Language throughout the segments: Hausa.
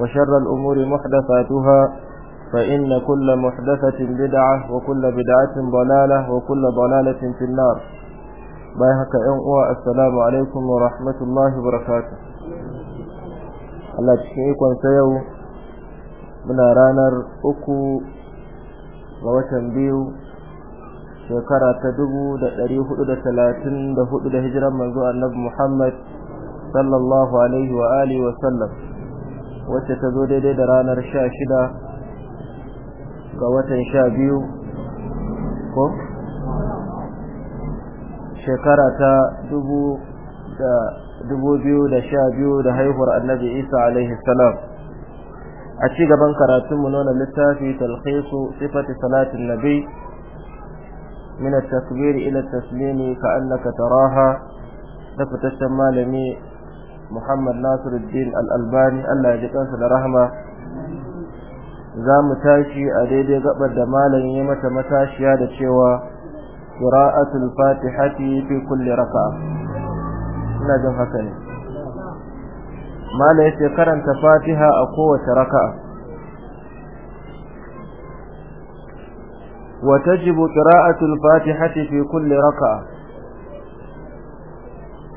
وشر الأمور محدثاتها فإن كل محدثة بدعة وكل بدعة ضلالة وكل ضلالة في النار بايهك أنقوى السلام عليكم ورحمة الله وبركاته الله تشكيكم سيو من رانر أكو ووشن بيو shekara ta dubu da ɗari hudu da talatin da hudu da hijiran manzo annabi Muhammad sallallahu alaihi wa alihi wa sallam wacce ta zo daidai da ranar sha shida ga watan sha biyu ko shekara ta dubu da dubu biyu da sha biyu da haihuwar annabi isa alaihi salam a ci gaban karatunmu nuna littafi talhisu sifati salatin nabi min at-takbir ila at-taslim ka annaka taraha da fitaccen malami Muhammad Nasiruddin Al-Albani Allah ya ji kansa da rahama za mu tashi a daidai gabar da malamin ya mata matashiya da cewa qira'atul fatihati fi kulle raka. ina jin haka ne mala yace karanta fatiha a kowace raka. raka'a wa tajibu qira'atul fatihati fi kulle raka.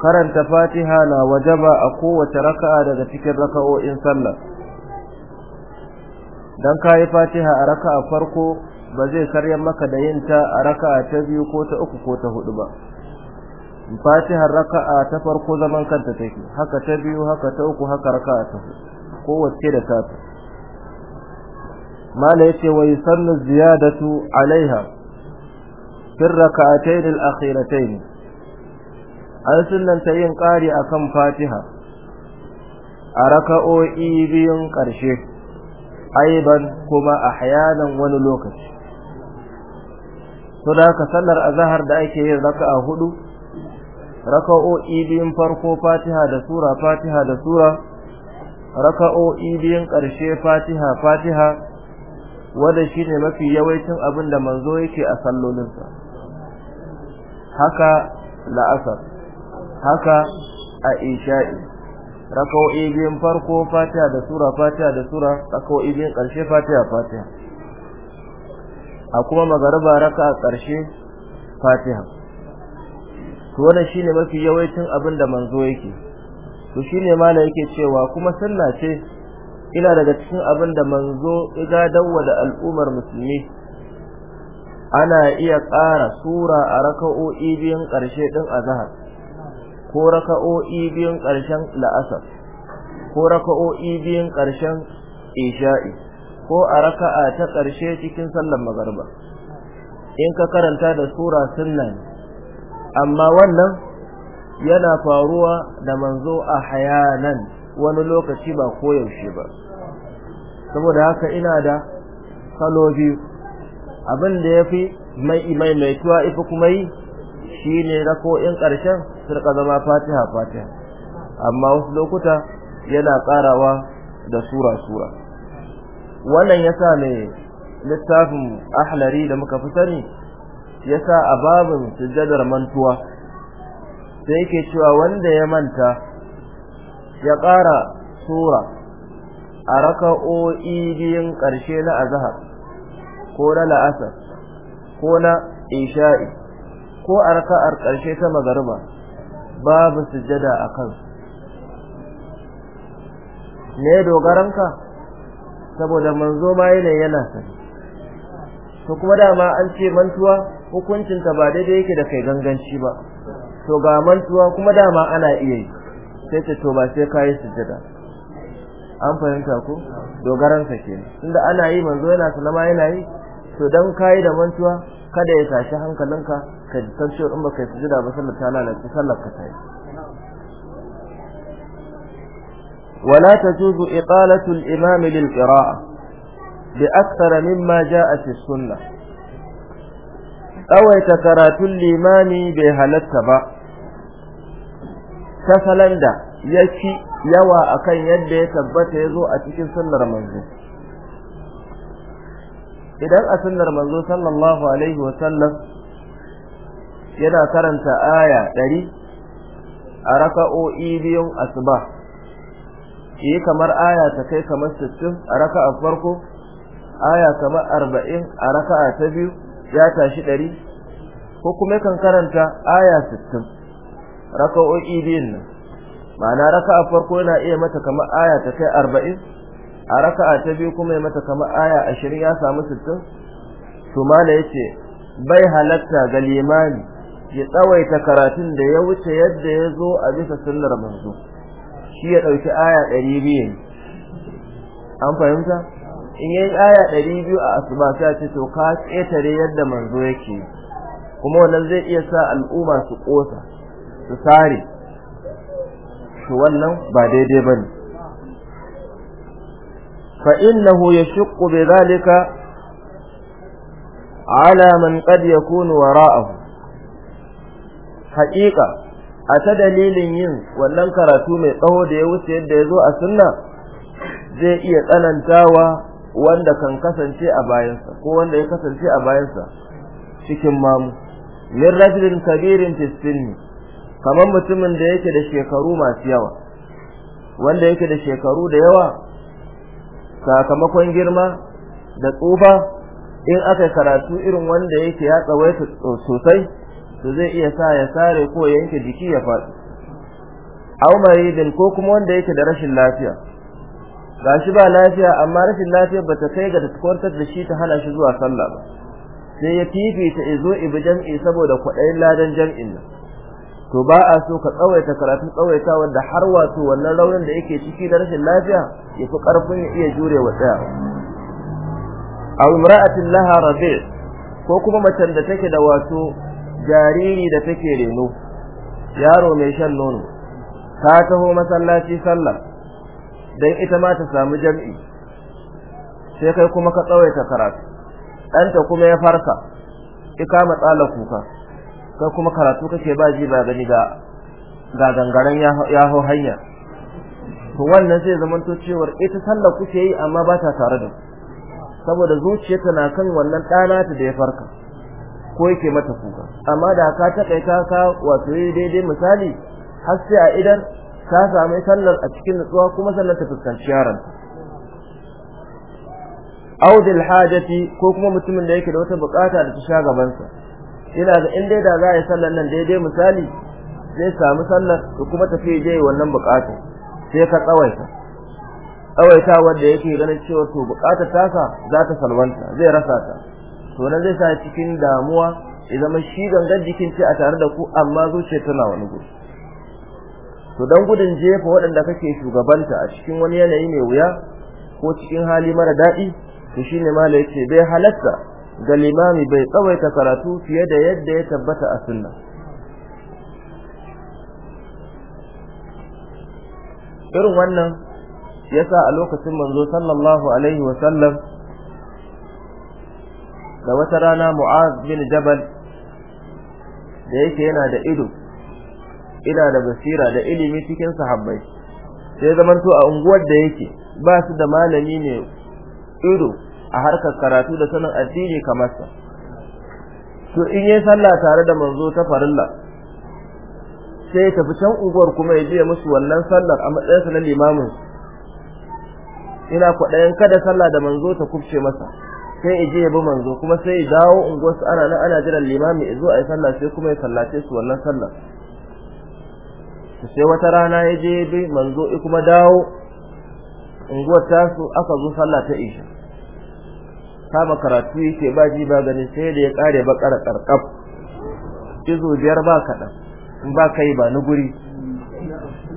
karanta fatiha na wajaba a kowace raka'a daga cikin raka'o'in sallah dan kayi fatiha a raka'a farko ba zai karyar maka da yin ta a raka'a ta biyu ko ta uku ko ta hudu ba Fatiha raka'a ta farko zaman kanta take haka ta biyu haka ta uku haka raka'a ta hudu kowace da tafi mala yace wa yusannu ziyadatu alaiha fi raka'atayn al-akhiratayn an sunanta yin ƙari akan fatiha a raka'o'i biyun ƙarshe aiban kuma a hayanan wani lokaci to da haka sallar azahar da ake yin raka'a hudu raka'o'i biyun farko fatiha da sura fatiha da sura raka'o'i biyun ƙarshe fatiha fatiha wanda shine mafi yawancin abin da manzo yake a sallolinsa haka la'asar haka a isha'i raka'o'i biyun farko fatiha da sura fatiha da sura raka'o'i biyun karshe fatiha fatiha a kuma magariba a karshe fatiha to wannan shine mafi yawancin abin da manzo yake to shine mala yake cewa kuma sallah ce ina daga cikin abin da manzo ya gadawa da al'ummar musulmi ana iya ƙara sura a raka'o'i biyun ƙarshe ɗin azhar ko raka'o'i biyun ƙarshen la'asar ko raka'o'i biyun ƙarshen isha'i ko a raka'a ta ƙarshe cikin sallar magarba in ka karanta da sura sunna amma wannan yana faruwa da manzo a hayanan wani lokaci ba koyaushe ba saboda haka ina da salo biyu abin da ya fi mai maimaituwa ifi kuma yi Shi ne rako'in ƙarshen su zama fatiha fatiha amma wasu lokuta yana ƙarawa da sura sura wannan ya sa ne littafin ahlari da muka fi sani ya sa a babin sujjadar mantuwa sai ke cewa wanda ya manta ya ƙara sura a raka'o'i biyun ƙarshe na azahar, ko na la'asar ko na isha'i ko a raka'ar ƙarshe ta magariba babu sujjada a kansu me dogaranka saboda manzo ma yana yana sani to kuma dama an ce mantuwa hukuncin ta ba daidai yake da kai ganganci ba to ga mantuwa kuma dama ana iya yi sai ta to ba sai yi sujjada an fahimta ko dogaranka ke. tunda ana yi manzo yana sallama yana yi to dan kai da mantuwa kada ya tashi hankalinka ka san cewa in baka yi ba sallar ta lalace sallar ka tayi wala tajuzu iqalatu al-imam lil qira'a bi akthar mimma jaa fi sunnah karatu karatun limami bai halatta ba ta salanda ya yawa akan yadda ya tabbata ya zo a cikin sallar manzo idan a sunnar manzo sallallahu alaihi wa sallam yana karanta aya 100 a raka'o'i biyun asuba yi kamar aya ta kai kamar 60 a raka'a farko aya kamar 40 a raka'a ta biyu ya tashi 100 ko kuma kan karanta aya 60 raka'o'i biyun ma'ana raka'a farko yana iya mata kamar aya ta kai 40 a raka'a ta biyu kuma ya mata kamar aya ashirin ya samu sittin su mala ya ce bai halatta ga limani ya tsawaita karatun da ya wuce yadda ya zo a bisa sunnar manzo shi ya ɗauki aya ɗari biyu an fahimta in yi aya ɗari biyu a asuba sai ce to ka ƙetare yadda manzo yake kuma wannan zai iya sa al'umma su ƙosa su sare to wannan ba daidai ba ne فإنه يشق بذلك على من قد يكون وراءه حقيقة da ya wuce yadda ya zo a sunna, zai iya tsanantawa wanda kan kasance a bayansa ko wanda ya kasance a bayansa cikin mamu min rajulin kabirin fi sinni kamar mutumin da yake da shekaru masu yawa wanda yake da shekaru da yawa sakamakon girma da tsufa in aka karatu irin wanda yake ya tsawaita sosai to zai iya sa ya sare ko yanke jiki ya faɗi aw maridin ko kuma wanda yake da rashin lafiya gashi ba lafiya amma rashin lafiya bata kai ga tsakantar da shi ta hana shi zuwa sallah ba sai ya fifita izo ibi jam'i saboda kwaɗayin ladan jam'in nan to ba a so ka tsawaita karatu tsawaita wanda har wato wannan raunin da yake ciki da rashin lafiya ya fi karfin ya iya jure wa tsaya aw imra'atin laha rabi ko kuma macen da take da wato jariri da take reno yaro mai shan nono ta taho masallaci sallah dan ita ma ta samu jam'i sai kai kuma ka tsawaita karatu ɗanta kuma ya farka ki kama tsala kuka kai kuma karatu kake ba ji ba gani ga ga gangaren ya hau hanya to wannan zai to cewar ita sallah kuke yi amma ba ta tare da saboda zuciyarta na kan wannan dana ta da ya farka ko yake mata kuka amma da ka kai ka wato daidai misali har sai a idan ka samu sallar a cikin nutsuwa kuma sallar ta fuskanci yaron audil hajati ko kuma mutumin da yake da wata bukata da ta sha gabansa ina da in dai da za a yi sallar nan daidai misali zai samu sallar da kuma tafi je wannan bukata sai ka tsawaita tsawaita wanda yake ganin cewa to bukatar tasa za ta salwanta zai rasa ta to nan zai sa cikin damuwa ya zama shi gangan jikin ce a tare da ku amma zuciya tana wani gudu to dan gudun jefa waɗanda kake shugabanta a cikin wani yanayi mai wuya ko cikin hali mara daɗi to shine malai yace bai halatta da limami bai tsawaita karatu fiye da yadda ya tabbata a sunna irin wannan ya sa a lokacin manzo sallallahu alaihi wa da wata rana mu'az bin jabal da yake yana da ido ina da basira da ilimi cikin sahabbai sai zamanto a unguwar da yake ba su da malami ne ido a harkar karatu da sanin addini kamar sa to in yi sallah tare da manzo ta farilla sai ya tafi can unguwar kuma ya jiya musu wannan sallar a matsayin sa na limamin ina kwaɗayin kada sallah da manzo ta kubce masa sai ya je ya bi manzo kuma sai ya dawo unguwar su ana nan ana jiran limami ya zo a yi sallah sai kuma ya sallace su wannan sallar sai wata rana ya je bi manzo kuma dawo unguwar tasu aka zo sallah ta isha kama karatu yake ba ji ba ganin sai da ya kare bakar karkaf izo biyar ba kaɗan in ba kai ba ni guri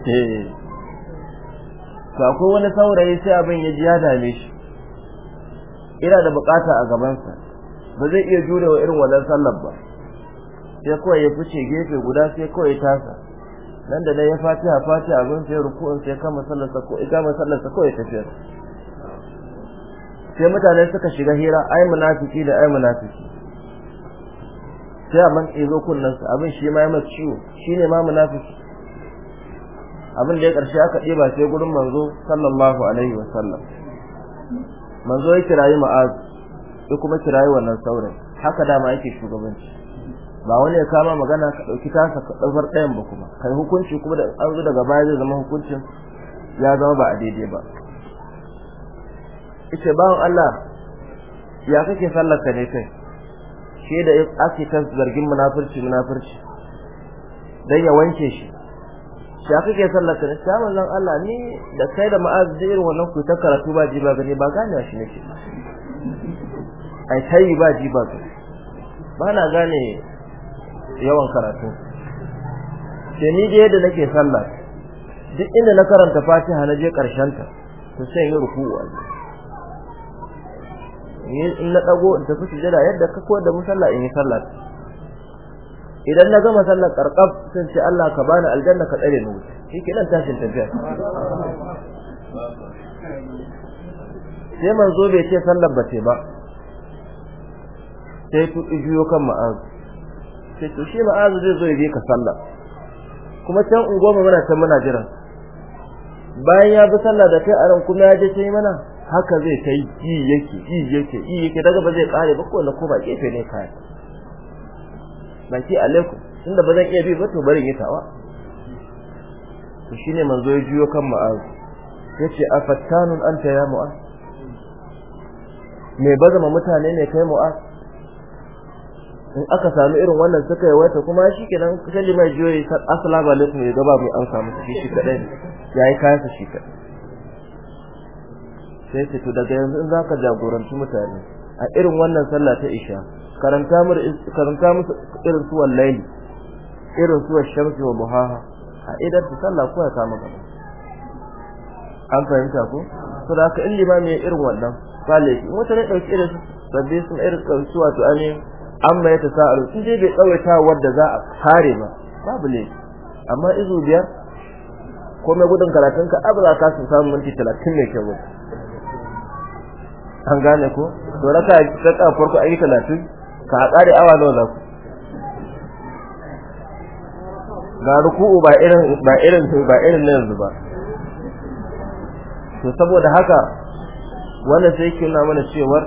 eh akwai wani saurayi sai abin ya ji ya dame shi ina da bukata a gabansa ba zai iya jure wa irin wannan sallar ba sai kawai ya fice gefe guda sai kawai ya tasa nan da nan ya fatiha fatiha abin sai ruku'un sai kama sa ko sallarsa ko ya tafi sai mutane suka shiga hira ai munafiki da ai munafiki sai a man tsezo kunnan su abin shi ma ya masa ciwo ne ma munafiki abin da ya karshe aka ɗeba sai gurin manzo sallallahu alaihi wa sallam manzo ya kirayi ma'az ya kuma kirayi wannan saurayi haka dama yake shugabanci ba wani ya kama magana ka ɗauki tasa ka ɗaukar ɗayan ba kuma kai hukunci kuma da an zo daga baya zai zama hukuncin ya zama ba a daidai ba ita bawan Allah ya kake sallarka ne kai shi da ake kan zargin munafurci munafurci dan ya wanke shi ya kake sallarka ne ta manzon Allah ni da kai da ma'az da irin wannan ku ta karatu ba ji ba gani ba gane shi nake ai sai ba ji ba gani ba na gane yawan karatu sai ni da yadda nake sallah duk inda na karanta Fatiha na je karshen ta to sai yi ruku'u a in na dago in tafi sujada yadda ka koyar da mu sallah in yi sallah idan na gama sallar karkab sun ce Allah ka bani aljanna ka tsare ni shi ke nan tashin tafiya sai manzo bai ce sallar ba ce ba sai ku ijiyo kan ma'az sai to shi ma'az zai zo ya bi ka sallah kuma can ungoma muna can muna jiran bayan ya bi sallah da kai a kuma ya je sai mana haka zai ta yi yi yake yi yake yi yake daga ba zai kare ba ko na ko ba kefe ne kai baki alaikum tunda ba zan iya bi ba to barin yi tawa to shine manzo ya juyo kan ma'az yace afattanun anta ya mu'az me zama mutane ne kai mu'az in aka samu irin wannan suka yi wata kuma shi kenan kusan limar juyoyi ya assalamu alaikum ya gaba mai an samu shi kadai yayi kayan shi kadai sai ce to daga yanzu in zaka jagoranci mutane a irin wannan sallah ta isha karanta mu karanta mu irin su wallahi irin su shamsi wa buhaha a idan ta sallah ko ya kama gaba an fahimta ko to da haka in limami ya irin wannan sallah shi mutane dauki irin da sabbi sun irin su to ane amma ya tasa'alu in dai bai ta wanda za a kare ba babu ne amma izu biyar mai gudun karatunka abu za ka samu minti talatin ne kyau an gane ko to raka raka farko ayi 30 ka kare awa nawa za ku ga ruku'u ba irin ba irin ba irin na zuba. ba to saboda haka wannan sai yake mana cewar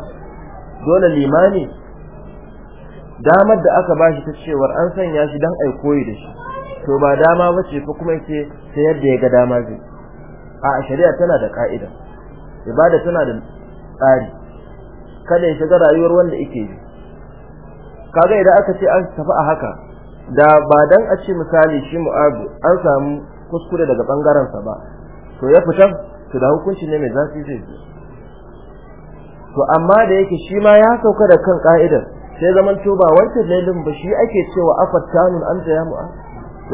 dole limani damar da aka bashi ta cewar an sanya shi dan ai koyi da shi to ba dama bace ko kuma yake sai yadda ya ga dama zai a shari'a tana da ka'ida ibada tana da tsari kada ya shiga rayuwar wanda yake yi kaga idan aka ce an tafi a haka da ba dan a ce misali shi mu'abu an samu kuskure daga bangaren sa ba to ya fita to da hukunci ne mai zafi zai to amma da yake shi ma ya sauka da kan ka'idar sai zaman to ba wancan lailin ba shi ake cewa afattanun anta ya mu'abu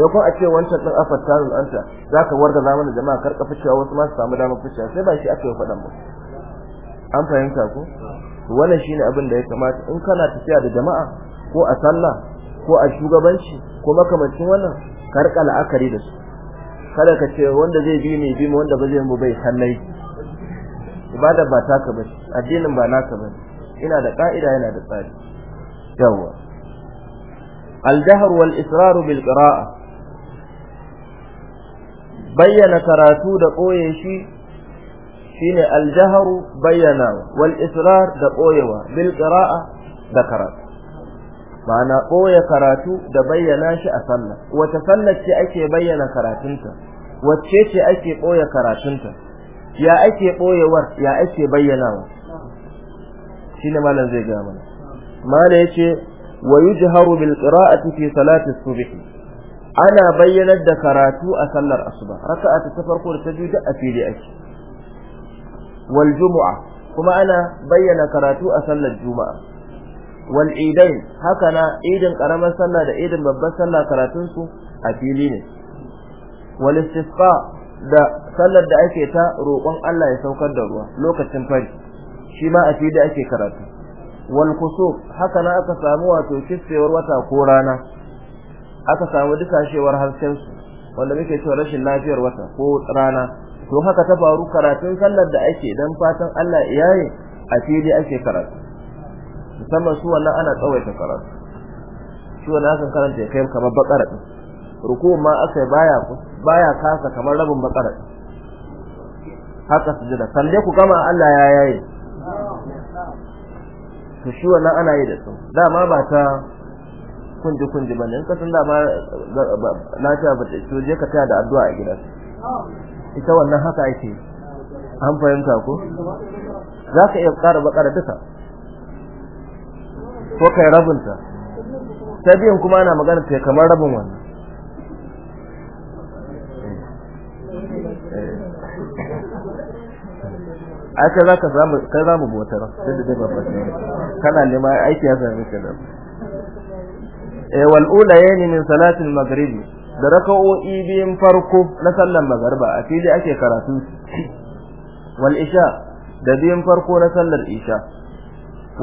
ya kuma a ce wancan din afattanun anta zaka warga zamanin jama'a karkafa cewa wasu ma su samu damar ficewa sai ba shi ake faɗan ba an fahimta ko wannan shine abin da ya kamata in kana tafiya da jama'a ko a sallah ko a shugabanci ko makamancin wannan ka la'akari da su kada ka ce wanda zai bi ni bi wanda ba zai mu bai sallai ibada ba ka bace addinin ba naka bane ina da ka'ida yana da tsari yawa al-jahr wal israr bil qira'a bayyana karatu da koye shi shine aljaharu bayyana wal israr da koyewa bil qira'a da karatu ma'ana koya karatu da bayyana shi a sallah wace sallar ce ake bayyana karatunta wacce ce ake koya karatunta ya ake koyewar ya ake bayyanawa shine malam zai ga mana mala yace wa yujharu bil qira'ati fi salati subh ana bayyanar da karatu a sallar asuba raka'a ta farko da ta biyu da a fili ake wal kuma ana bayyana karatu a sallar juma'a Wal'idan haka na idin karamar sallah da idin babbar sallah karatun su a fili ne wal da sallar da ake ta roƙon Allah ya saukar da ruwa lokacin fari shi ma a fili ake karatu wal kusuf haka na aka samu wato kissewar wata ko rana aka samu dukashewar harshen su wanda muke cewa rashin lafiyar wata ko rana to haka ta faru karatun sallar da ake dan fatan Allah iyaye a fili ake karatu musamman su wannan ana tsawaita karatu shi wannan akan karanta kai kamar bakara ruku ma akai baya baya kasa kamar rabin bakara haka da, kalle ku kama Allah ya yaye to shi wannan ana yi da su dama ba ta kunji kunji bane in ka san dama na ta ba je ka taya da addu'a a gidansa ita wannan haka ake an fahimta ko za ka iya ƙara da duka ko kai rabinta ta biyan kuma ana magana ta kamar rabin wannan a ka za ka samu kai za mu bautar sai da dafa fasi kana nema aiki ya zama ka da eh wal ula yani min salatin maghribi da raka'o'i biyun farko na sallar magarba a fili ake karatun wal isha da biyun farko na sallar isha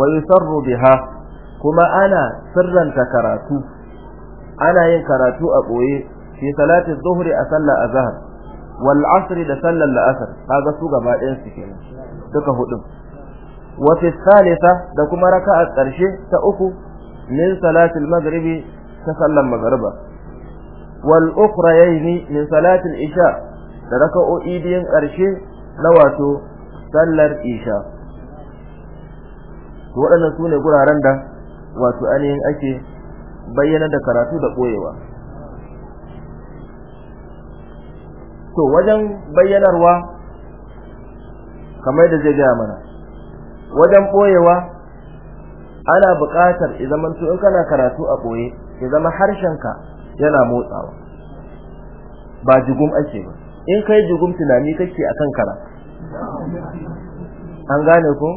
wa yusarru biha kuma ana sirranta karatu ana yin karatu a boye fi salati dhuhri a sallar azhar wal asr da sallar la'asr kaga su gaba ɗayan su kenan duka hudu wa fi thalitha da kuma raka'a ƙarshe ta uku min salatin maghribi ta sallar magariba. wal من min العشاء isha da raka'o'i لواتو karshe na wato sallar isha waɗannan sune guraren da wato ainihin ake bayyana da karatu da koyewa to wajen bayyanarwa zai wajen boyewa ana buƙatar izamanto in kana karatu a boye ya zama harshenka yana motsawa ba jigum ake ba in kai jigum tunani kake akan kara an gane ko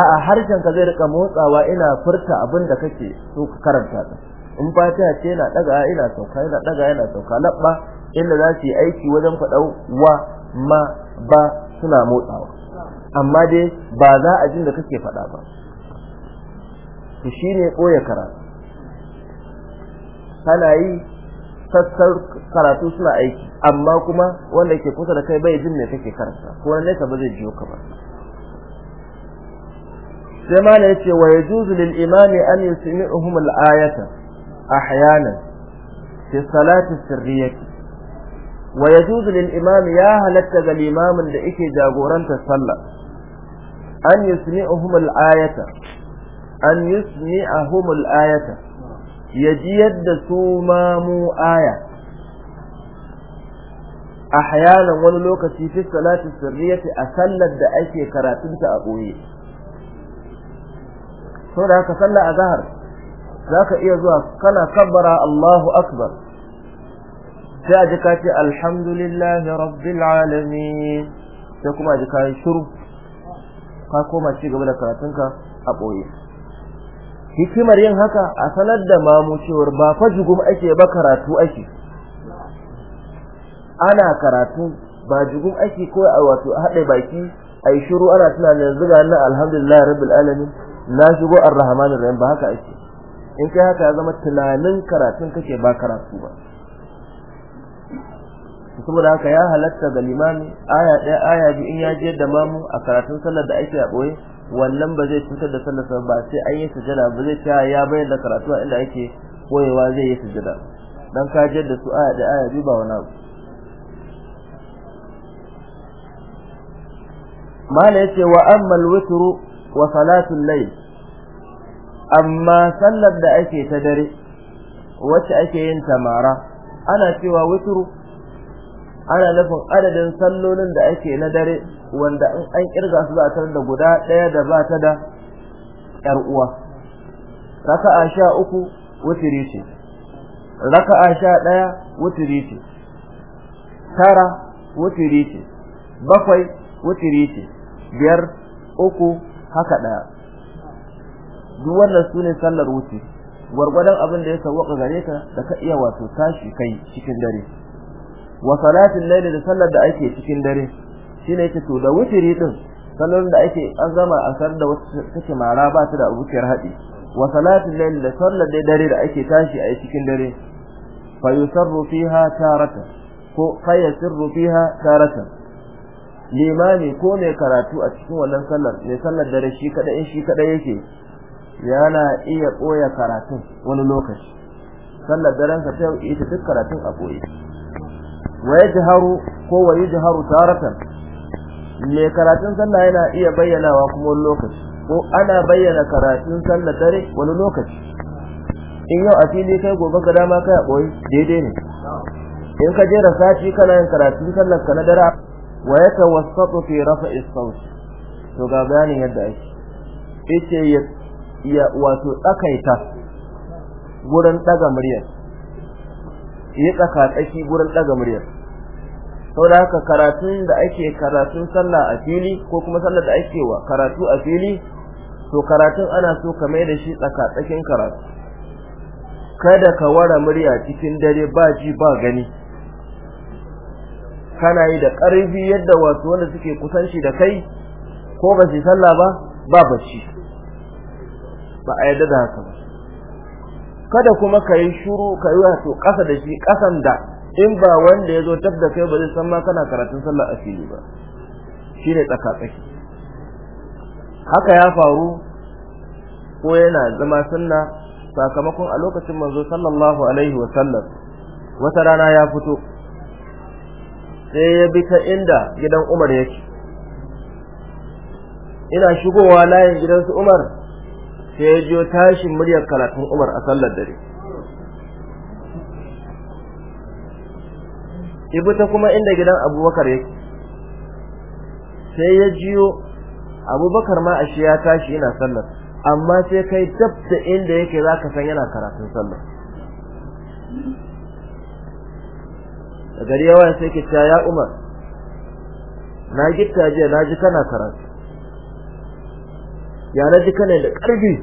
a'a harshen ka zai rika motsawa ina furta abin da kake so ka karanta ta in fata ce na daga ina sauka ina daga ina sauka labba inda za su yi aiki wajen faɗau wa ma ba suna motsawa amma dai ba za a jin da kake faɗa ba shi shine ɓoye karatu kana yi sassar karatu suna aiki amma kuma wanda ke kusa da kai bai jin me kake karanta ko wanda nesa ba zai jiyo ka ba sai ma ne yace wa yajuzu lil imami an yusmi'uhum al ayata ahyanan fi salati sirriyati wa yajuzu lil imami ya halatta ga limamin da yake jagoranta sallah an yusmi'uhum al ayata an yusmi'ahum al ayata ya ji yadda su ma mu aya hayanan wani lokaci fi salati sirriyati a sallar da ake ta a ɓoye da haka sallar azhar zaka iya zuwa kana kabbara Allahu akbar sai a ji ka ce alhamdulillahi rabbil alamin sai kuma a ji ka shiru ka koma ci gaba da karatunka a ɓoye hikimar yin haka a sanar da mamu cewar ba fa jugum ake ba karatu ake ana karatu ba jugum ake ko a wato haɗe baki ai shiru ana tunanin yanzu na alhamdulillah rabbil alamin na shigo arrahmanir rahim ba haka ake in kai haka ya zama tunanin karatun kake ba karatu ba saboda haka ya halatta ga limami aya ɗaya aya biyu in ya je da mamu a karatun sallar da ake a ɓoye wannan ba zai cutar da sallar sa ba sai an yi sujada ba zai ta ya bayar da karatu a inda ake koyewa zai yi sujada dan ka da su aya da aya bi ba wani abu mala yace wa amma al-witru wa salatu al-layl amma sallar da ake ta dare wacce ake yin tamara ana cewa witru ana nufin adadin sallolin da ake na dare wanda in an kirga su za a da guda ɗaya da ba ta da ƴar uwa raka'a sha uku wutiri ce raka'a sha ɗaya wutiri ce tara wutiri ce bakwai wutiri ce biyar uku haka ɗaya duk wannan su ne sallar wuce gwargwadon abin da ya sauwaka gare ka da ka iya wato tashi kai cikin dare wa salatin layli da sallar da ake cikin dare shine yake to da wutiri din sallar da ake an zama a sar da wata take mara ba ta da abukiyar hadi wa salatin layli da sallar da dare da ake tashi a cikin dare fa yusarru fiha taratan ko fa yusarru fiha taratan limani ko mai karatu a cikin wannan sallar mai sallar dare shi kada in shi kada yake yana iya koya karatu wani lokaci sallar daren ka ta yi ita duk karatun a koyi wa yajharu ko wa yajharu taratan me karatun sallah yana iya bayyanawa kuma wani lokaci ko ana bayyana karatun sallah dare wani lokaci in yau a fili kai gobe ga dama kai a daidai ne in ka je da sati kana yin karatun sallar ka na dare wa yatawassatu fi rafa'i sawt to ga bayanin yadda ake yace ya wato tsakaita wurin ɗaga muryar yi tsakatsaki gurin ɗaga muryar da haka karatun da ake karatun sallah a fili ko kuma sallar da ake wa karatu a fili to karatun ana so ka mai da shi tsakatsakin karatu kada ka wara murya cikin dare ba ji ba gani kana yi da karfi yadda wasu wanda suke kusanci da kai ko ba su sallah ba ba bacci ba a yadda da haka kada kuma ka yi shuru ka yi wato ƙasa da shi ƙasan da in ba wanda ya zo tab kai ba zai san ma kana karatun sallar asiri ba shi ne tsakatsaki haka ya faru ko yana zama sunna sakamakon a lokacin manzo sallallahu alaihi wa sallam wata rana ya fito sai ya bi ta inda gidan Umar yake ina shigowa layin gidansu Umar sai ya jiyo tashin muryar karatun Umar a sallar dare ibu ta kuma inda gidan Abubakar yake sai ya jiyo Abubakar ma a shi ya tashi yana sallar amma sai kai dab da inda yake ka san yana karatun sallar gari yawa sai ke cewa ya Umar na gitta jiya na ji kana karatu ya na ne da ƙarfi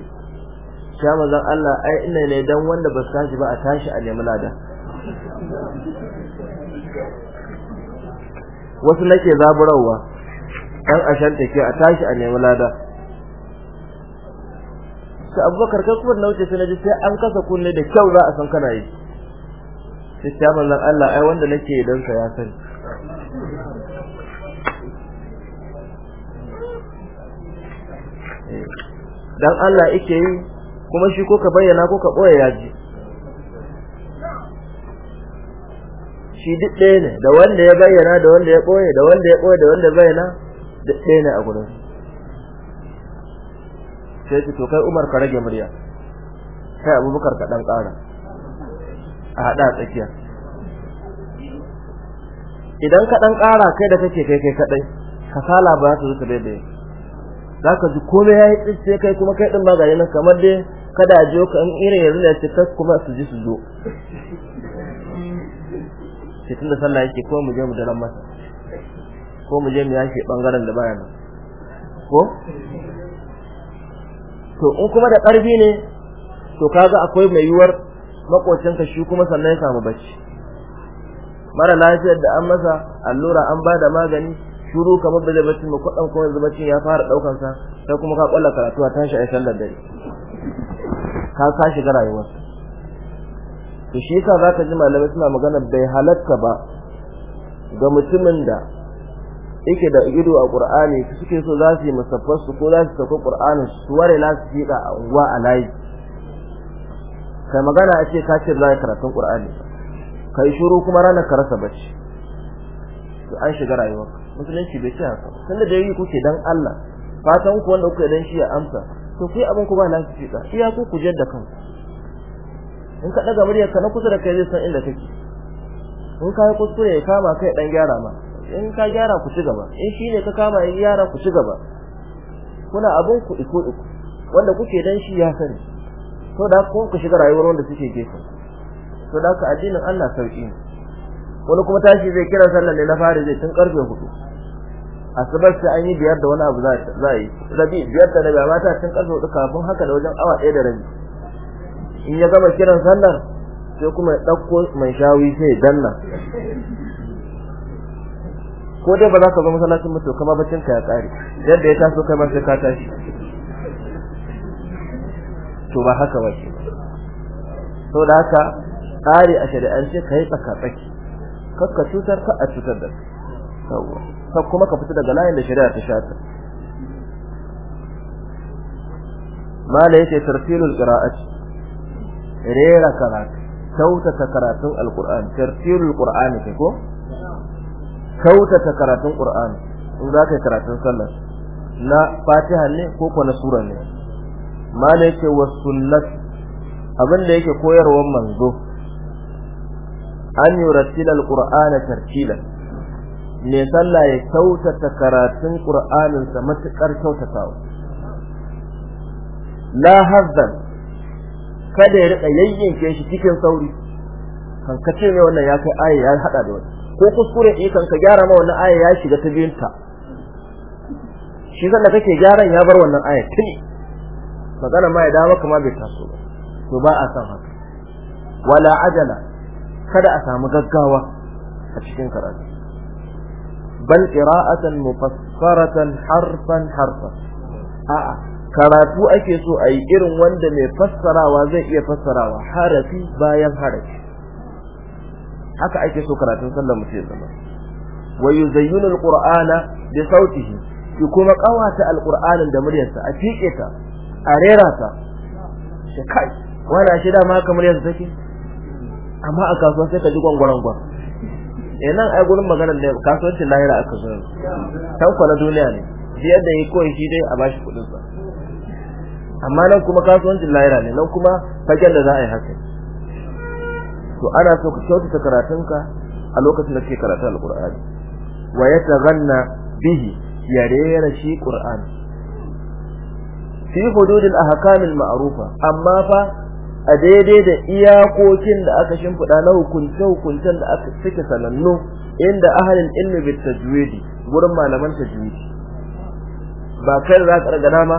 ya manzon Allah ai ina ne dan wanda ba tashi ba a tashi a nemi lada wasu nake zaburawa dan ashanta ke a tashi a nemi lada ta abubakar kai kuma nauce sai naji sai an kasa kunne da kyau za a san kana yi sai ta manzon Allah ai wanda nake idan sa ya sani dan Allah yake yi kuma shi ko ka bayyana ko ka boye yaji shi duk ɗaya ne da wanda ya bayyana da wanda ya boye da wanda ya boye da wanda bayyana duk ɗaya ne a gurin sai ki to kai Umar ka rage murya kai Abubakar ka dan ƙara a hada tsakiya idan ka dan ƙara kai da kake kai kai kadai kasala ba za ta zuta daidai za ka ji komai ya yi tsitse kai kuma kai ɗin ba ga nan kamar dai kada a jiyo ka in irin yanzu da cikas kuma su ji su zo sai da sallah yake ko mu je mu daren masa ko mu je mu yashe bangaren da baya nan ko to in kuma da ƙarfi ne to kaga akwai mai yiwuwar ka shi kuma sannan ya samu bacci mara lafiyar da an masa allura an ba da magani shiru kamar da zai bacci ba kwaɗan kuma zai bacci ya fara ɗaukan sa sai kuma ka ƙwallon karatu a tashi a sallar dare ka ka shiga rayuwar to shi yasa zaka ji malamai suna magana bai halatta ba ga mutumin da yake da ido a Qur'ani suke so za su yi musaffar su ko za su tafi Qur'ani su ware la su fiƙa a unguwa a layi kai magana a ce ka ce za karatun Qur'ani kai shiru kuma ranar ka rasa bacci to an shiga rayuwarka musulunci bai ce haka tunda da yi kuke dan Allah fatan ku wanda kuke dan shi ya amsa to kai abin ku ba lafiya ka iya ku ku jadda kanku in ka daga muryar ka na kusa da kai zai san inda kake in ka yi kuskure ya kama kai dan gyara ma in ka gyara ku ci gaba in shi ne ka kama ya gyara ku ci gaba kuna abin ku iko iko wanda kuke dan shi ya sani to da ku ku shiga rayuwar wanda suke gefe to da ka addinin Allah sauki ne wani kuma tashi zai kira sallar ne na fari zai tun karfe hudu asabar sai an yi biyar da wani abu za yi rabi biyar da daga mata sun karfe hudu kafin haka da wajen awa ɗaya da rabi in ya gama kiran sallar sai kuma ya ɗauko mai shawi sai ya danna ko dai ba za ka zo masallacin mutu kama bacin ka ya ƙare yadda ya taso kai ma sai ka tashi to ba haka ba saboda haka tsari a shari'ance ka yi tsaka tsaki kakka cutar ka a cutar da ka ka kuma ka fita daga layin da shari'a ta shata mala yace tartilul qira'ati rera karatu kautata karatun alquran tartilul qur'ani ke ko kautata karatun qur'ani in za ka karatun sallah na fatiha ne ko ko na sura ne mala yace was abin da yake koyarwar manzo an yurattila alqur'ana tartila mai sallah ya kyautata karatun qur'aninsa matukar kyautatawa la hazan kada ya rika yayyanke shi cikin sauri kan ka ce ne wannan ya kai aya ya hada da wannan ko kuskure eh kan ka gyara ma wannan aya ya shiga ta biyunta shi zan da kake gyaran ya bar wannan aya tuni magana ma ya dawo kuma bai taso ba to ba a san haka wala ajala kada a samu gaggawa a cikin karatu bal qira'atan mufasfaratan harfan harfan a'a karatu ake so a yi irin wanda mai fassarawa zai iya fassarawa harafi bayan harafi haka ake so karatun sallar mutum ya zama wa yuzayyinu alqur'ana bi sautihi ki kuma kawata alqur'anin da muryarsa a tike ta a rera ta shi kai wala shi da ma kamar yanzu take amma a kasuwa sai ka ji gwangwaran gwangwaran eh nan ai gurin maganar da kasuwancin lahira aka zo tanko na duniya ne biyar da yi koyi shi dai a bashi kuɗin sa amma nan kuma kasuwancin lahira ne nan kuma fagen da za a yi haka to ana so ka kyautata ka a lokacin da kake karatu alqur'ani wa yataganna bihi ya rera shi qur'ani fi hududil ahkamil ma'rufa amma fa a daidai da iyakokin da aka shimfiɗa na hukunce-hukuncen da aka suke sanannu inda ahalin ilmi bi tajwidi gurin malaman tajwidi ba kai za ka daga dama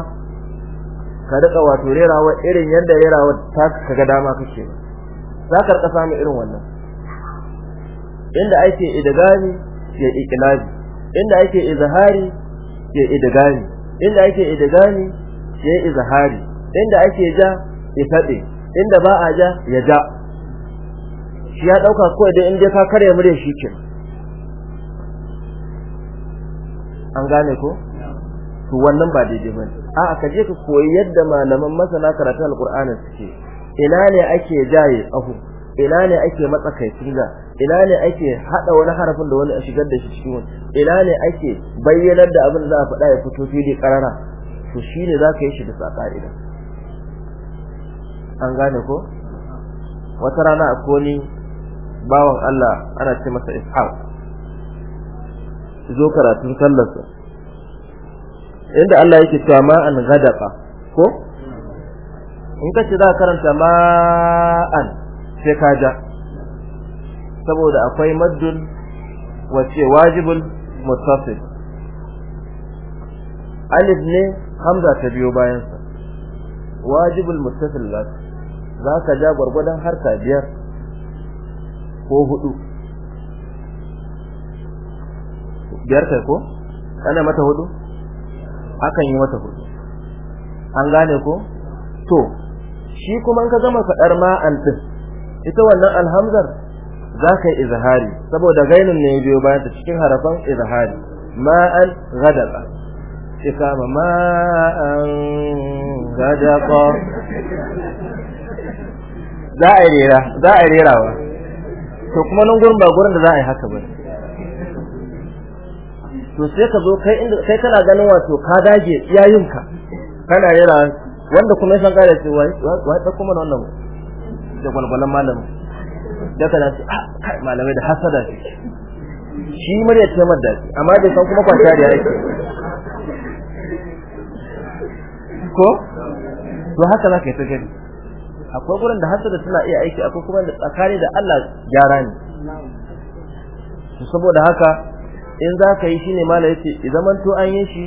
ka rika wato rerawa irin yadda rerawa ta ka ga dama kake ba za ka rika samun irin wannan inda ake idgami ke ikilabi. inda ake izhari ke idgami inda ake idgami ke izhari inda ake ja ke fade inda ba a ja ya ja shi ya dauka ko idan inda ka karya murya shi ke an gane ko to wannan ba daidai bane a'a kaje kaje ka koyi yadda malaman masana karatun alqur'ani suke ina ne ake jaye ahu ina ne ake matsakaicin da ina ne ake hada wani harafin da wani a shigar da shi cikin wani ina ne ake bayyanar da abin da za a faɗa ya fito fili karara to shine zaka yi shi da sa ka'ida an gane ko wata rana a koli bawan Allah ana ce masa ishaq zo karatun sallarsa inda Allah yake cewa ma an gadaba ko in ka ce za karanta ma an sai ka ja saboda akwai maddun wace wajibul muttasil alif ne hamza ta biyo bayansa wajibul muttasil lati za ka ja gwargwadon harka biyar ko hudu biyar kai ko ana mata hudu akan yi mata hudu an gane ko to shi kuma ka gama fadar ma an din ita wannan alhamzar za ka yi izhari saboda gainin ne biyo bayan ta cikin harafan izhari ma'an gadaka ikama ma'an gadaka za a rera za a rerawa to kuma nan gurin ba gurin da za a yi haka ba to sai ka zo kai inda kai kana ganin wato ka dage ka kana rera wanda kuma san kare shi wai wai da kuma wannan da gwalgwalan malamin da kana ce ah, kai malamai da hasada shi murya ce madda amma dai san kuma kwanta da yake ko to haka zaka yi ta gani akwai gurin da hasada suna iya aiki akwai kuma da tsakani da Allah gyara ne saboda haka in za ka yi shi ne mala yace idan to an yi shi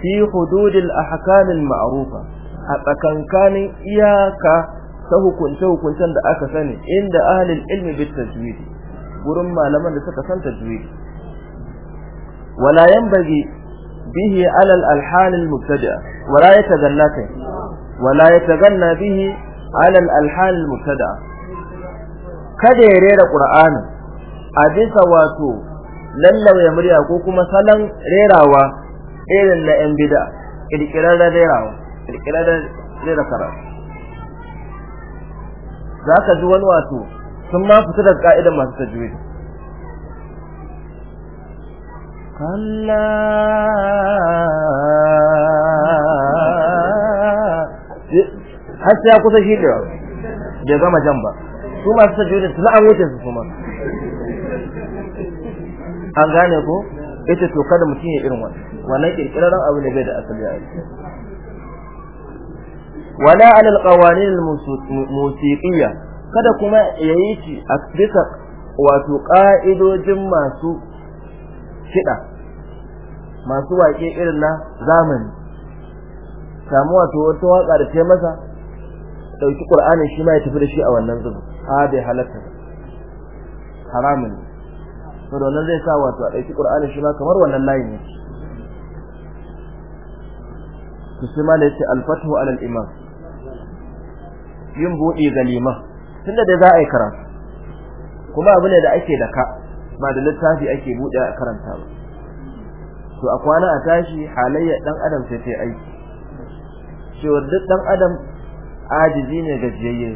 fi hududil al ma'rufa a tsakankanin iyaka ta hukunta hukuncen da aka sani inda ahlul ilmi bit tajwid gurin malaman da suka san tajwid wala yanbaghi bihi ala al alhan al mubtada wala yatagalla wala yatagalla bihi alal alhal mubtada kada ya rera qur'ani a bisa wato lallauya murya ko kuma salon rerawa irin na yan bid'a kirkirarren rerawa kirkirarren rera karatu za ka ji wani wato sun ma fita daga ka'idar masu tajwid كلا har sai ya kusa shi da bai gama jan ba su masu jirgin su la'an wuce su kuma an gane ko ita to kada mutum ya irin wani wannan kirkirar abu ne bai da asali a wala alal qawanin musiqiyya kada kuma yayi shi a bisa wato ka'idojin masu kiɗa masu waƙe irin na zamani samu wato wata waƙa da ce masa dauki qur'anin shi ma ya tafi da shi a wannan zuba a bai halatta haramun to don nan zai sa wato a dauki qur'ani shi ma kamar wannan layin ne to sai ma yace al-fathu ala al-imam yin buɗe ga liman tunda dai za a yi karatu kuma abu ne da ake da ka ba da littafi ake buɗe a karanta ba to a kwana a tashi halayyar dan adam sai ta aiki cewa duk dan adam ajiji ne gajiyayye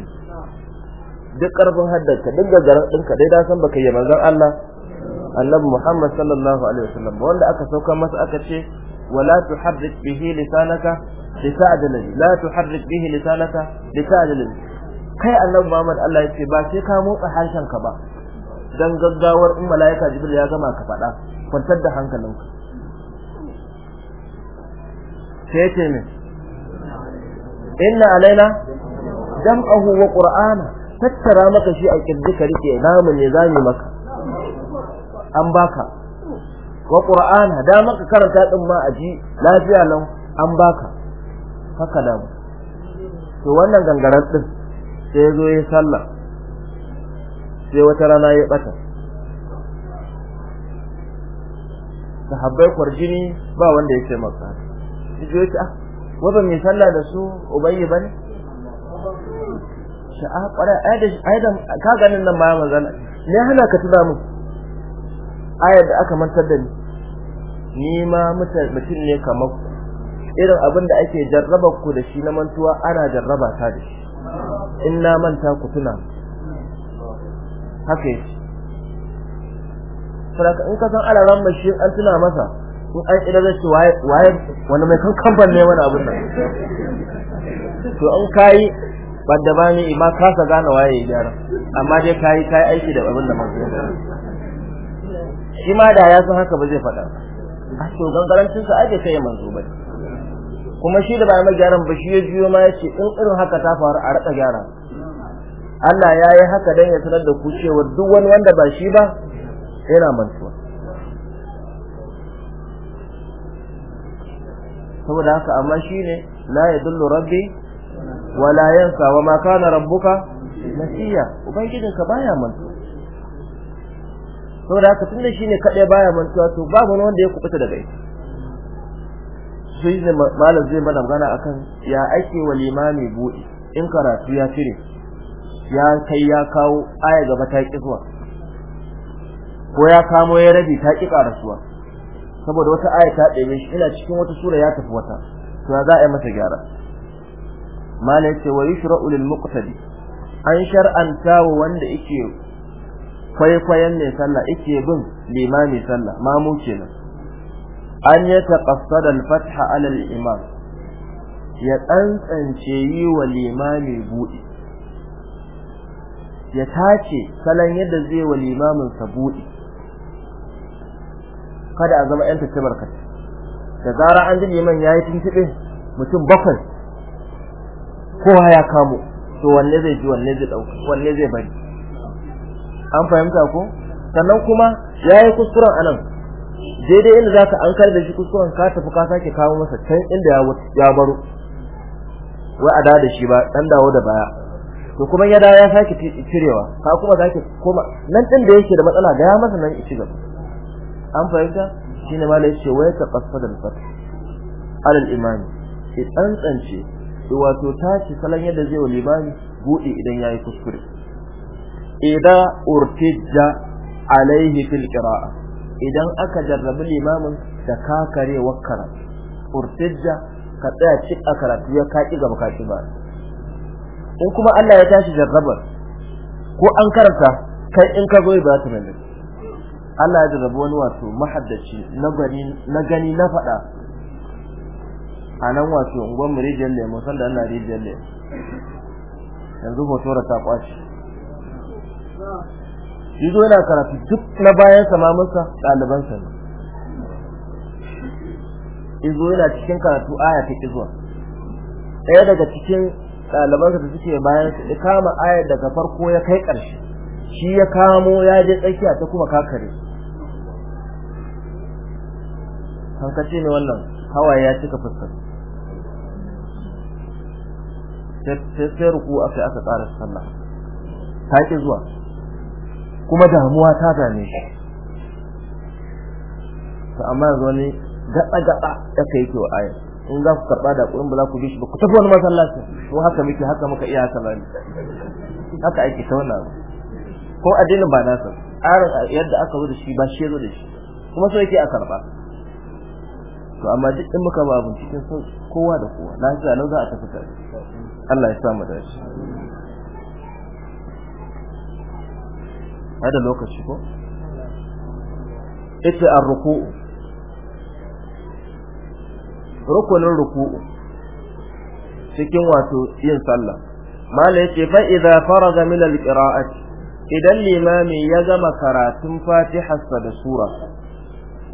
duk karfin haddarka duk gagarar ɗinka dai da san baka yi manzon Allah annabi Muhammad sallallahu alaihi wasallam wanda aka sauka masa aka ce wala tuharrik bihi lisanaka lita'dil la tuharrik bihi lisanaka lita'dil kai annabi Muhammad Allah ya ce ba sai ka motsa harshenka ba dan gaggawar in malaika Jibril ya gama ka faɗa kwantar da hankalinka sai ce ne inna alaina jam'ahu wa qur'ana tattara maka shi a kirji ka rike namu ne zamu maka an baka wa qur'ana da maka karanta din ma a lafiya nan an baka haka da to wannan gangaran din sai ya zo sallah sai wata rana ya bata sahabbai kwarjini ba wanda yake maka ya ah wata mai sallah da su ubayyi ba ne sha'a kwara ayyadan ka ganin nan bayan mazana ne hana ka tuna mu ayar da aka mantar da ni ni ma mutum ne kamar ku irin abin da ake jarrabar ku da shi na mantuwa ana jarraba ta da shi in na manta ku tuna haka yake saboda in ka san alaran mashi an tuna masa in an ina zai ce waye wani mai kan kamfan ne wani abin nan to an kayi wanda ba ne ma kasa gane waye ya gyara amma dai kayi kayi aiki da abin da man shi ma da ya san haka ba zai faɗa a to gangarancin sa ake kai manzo ba kuma shi da ba mai gyaran ba shi ya jiyo ma ya ce in irin haka ta faru a rika gyara Allah ya yi haka don ya sanar da ku cewa duk wani wanda ba shi ba yana mantuwa saboda haka amma shine la yadullu rabbi wala yansa wa ma kana rabbuka nasiya ka baya mantuwa saboda haka tunda shine kadai baya mantuwa to babu wani wanda ya kubuta daga shi sai ne malam zai mana magana akan ya ake wa limami buɗe in karatu ya cire ya kai ya kawo aya gaba ta ki zuwa ko ya kamo ya rabi ta ki rasuwa? saboda wata aya ta ɗebe shi ina cikin wata sura ya tafi wata to za a yi masa gyara malai ce wa yushra'u lil muqtadi an shar'anta wa wanda yake kwaikwayon mai sallah yake bin limami sallah mamu kenan an ya taqassada al fatha ala al imam ya tsantsance yi wa limami buɗi ya tace salon yadda zai wa limamin sa buɗi kada a zama yan tattabar ka da zara an ji man yayi tuntube mutum bakwai kowa ya kamo to wanne zai ji wanne zai dauka wanne zai bari an fahimta ko sannan kuma yayi kuskuren anan daidai inda zaka an da shi kuskuren ka tafi ka sake kawo masa can inda ya ya baro wai a da shi ba dan dawo da baya to kuma ya da ya sake cirewa ka kuma zaki koma nan din da yake da matsala ga ya masa nan ya ci gaba an fahimta ne malai ce waya ta qasadal fath alal imani ki tsantsance wato tashi salon yadda zai wa limani buɗe idan yayi kuskure idan urtijja alaihi fil qira'a idan aka jarrabi limamin da kakarewar karatu urtijja ka tsaya ci a karatu ya kaki gaba kaki ba in kuma Allah ya tashi jarrabar ko an karanta kai in ka zo ba ta nan Allah ya jarrabu wani wato mahaddaci na gani na gani na fada a nan wato unguwar mu rijiyar lemo sanda Allah rijiyar lemo yanzu hoto ta kwashi yazo yana karatu duk na bayan sama masa ɗaliban sa ne yazo yana cikin karatu aya ta kizuwa ɗaya daga cikin ɗaliban sa da suke bayan sa kama aya daga farko ya kai ƙarshe shi ya kamo ya je tsakiya ta kuma kakare Hankali ne wannan hawaye ya cika fuskar sai ruku aka aka tsara sallah ta ke zuwa kuma damuwa ta dame shi to amma yanzu wani gaba gaba ya kai ke wa aya in za ku karba da kuɗin ba za ku bi shi ba ku tafi wani masallaci ko haka muke haka muka iya haka bani haka ake ta wannan ko addinin ba nasa tsarin yadda aka zo da shi ba shi ya zo da shi kuma so yake a karba to amma duk in muka babu cikin sauki kowa da kowa lafiya lau za a tafi tare Allah ya sa mu dace hada lokaci ko ita ar rukunin ruku'u cikin wato yin sallah mala yace fa idza faraga min al-qira'ati idan limami ya gama karatun Fatiha da sura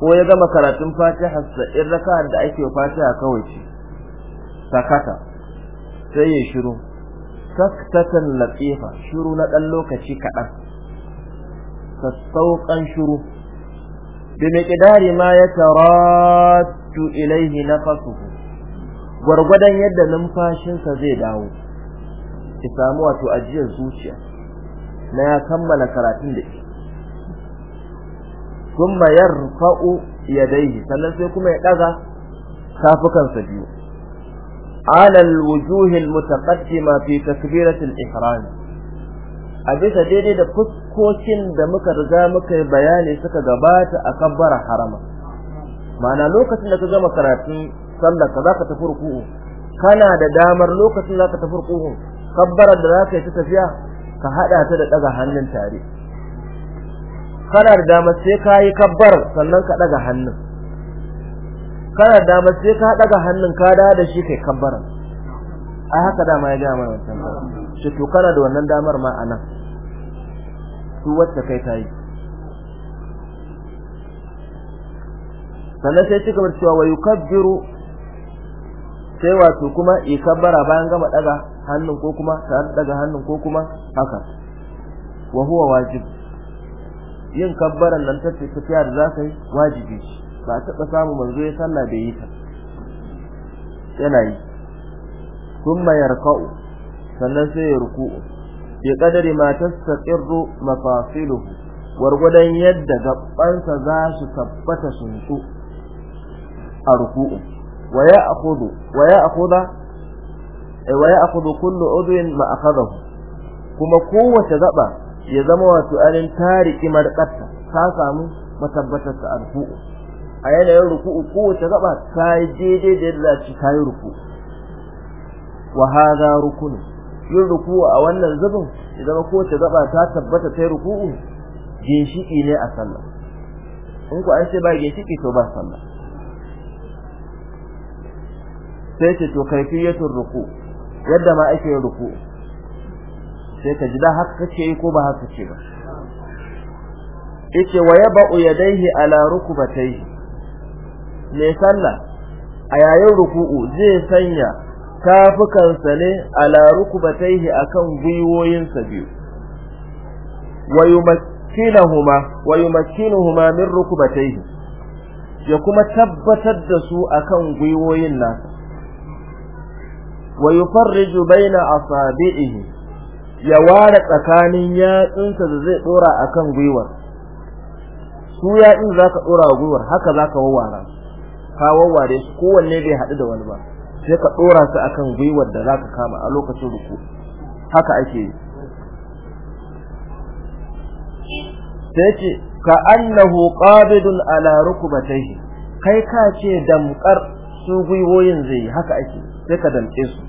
ko ya gama karatun fatiha in raka'ar da ake fatiha kawai ce sakata sai ya shiru saktatan latifa shiru na dan lokaci kaɗan sassauƙan shiru bi miqdari ma yataraddu ilayhi nafsuhu gwargwadon yadda numfashinsa zai dawo ki samu wato ajiyar zuciya na ya kammala karatun da ke thumma yarfa'u yadayhi sannan sai kuma ya ɗaga tafukansa biyu ala wujuhin almutaqaddima fi takbirati al-ihram a bisa daidai da fuskokin da muka riga muka bayani suka gabata a bara harama ma'ana lokacin da ka gama karatun sallar ka zaka tafi ruku'u kana da damar lokacin zaka tafi ruku'u kabbarar da zaka yi ta tafiya ka hada ta da daga hannun tare kana da dama sai ka yi kabbar sannan ka daga hannun kana da dama sai ka daga hannun ka da da shi kai kabbara ai haka dama ya ga mana wannan shi to kana da wannan damar ma anan su wacce kai ta yi sannan sai cika cewa wa yukabbiru sai wato kuma kabbara bayan gama daga hannun ko kuma ta daga hannun ko kuma haka wa huwa wajib yin kabbaran nan ta ce tafiya da za ka yi wajibi ce ba taɓa samu manzo ya sallah bai yi ta yana yi mayar yarka'u sannan sai ya ruku'u bi qadari ma saƙirru mafasiluhu wargwadon yadda gabansa za su tabbata sun tsu a ruku'u waya a wa ya'khudha eh, a ya'khudhu kullu udwin ma akhadahu kuma kowace gaba ya zama wato alin tariki marqata ka samu matabbatar ta arfu a yanayin ruku'u kowace gaba ta yi daidai da yadda ci ta yi ruku'u wa hada rukun yin ruku'u a wannan zubin ya zama kowace gaba ta tabbata ta yi ruku'u ginshiki ne a sallah in ku an ce ba ginshiki to ba sallah sai ce to kaifiyatul ruku yadda ma ake yin ruku'u sai ka ji da haka kake yi ko ba haka kake ba yace wa yaba'u yadayhi ala rukbatayhi ne sallah a yayin ruku'u zai sanya kafukan sa ne ala rukbatayhi akan sa biyu wayumakkinahuma yumakkinuhuma min rukbatayhi ya kuma tabbatar da su akan guyoyin nasa wa yufarriju baina asabi'ihi ya ware tsakanin yatsunsa da zai dora akan gwiwar su din zaka dora wa gwiwar haka zaka wawara, ka wawware su kowanne bai haɗu da wani ba sai ka dora su akan gwiwar da zaka kama a lokacin ruku haka ake yi sai ce ka annahu qabidun ala rukbatayhi kai ka ce damkar su gwiwoyin zai haka ake sai ka damke su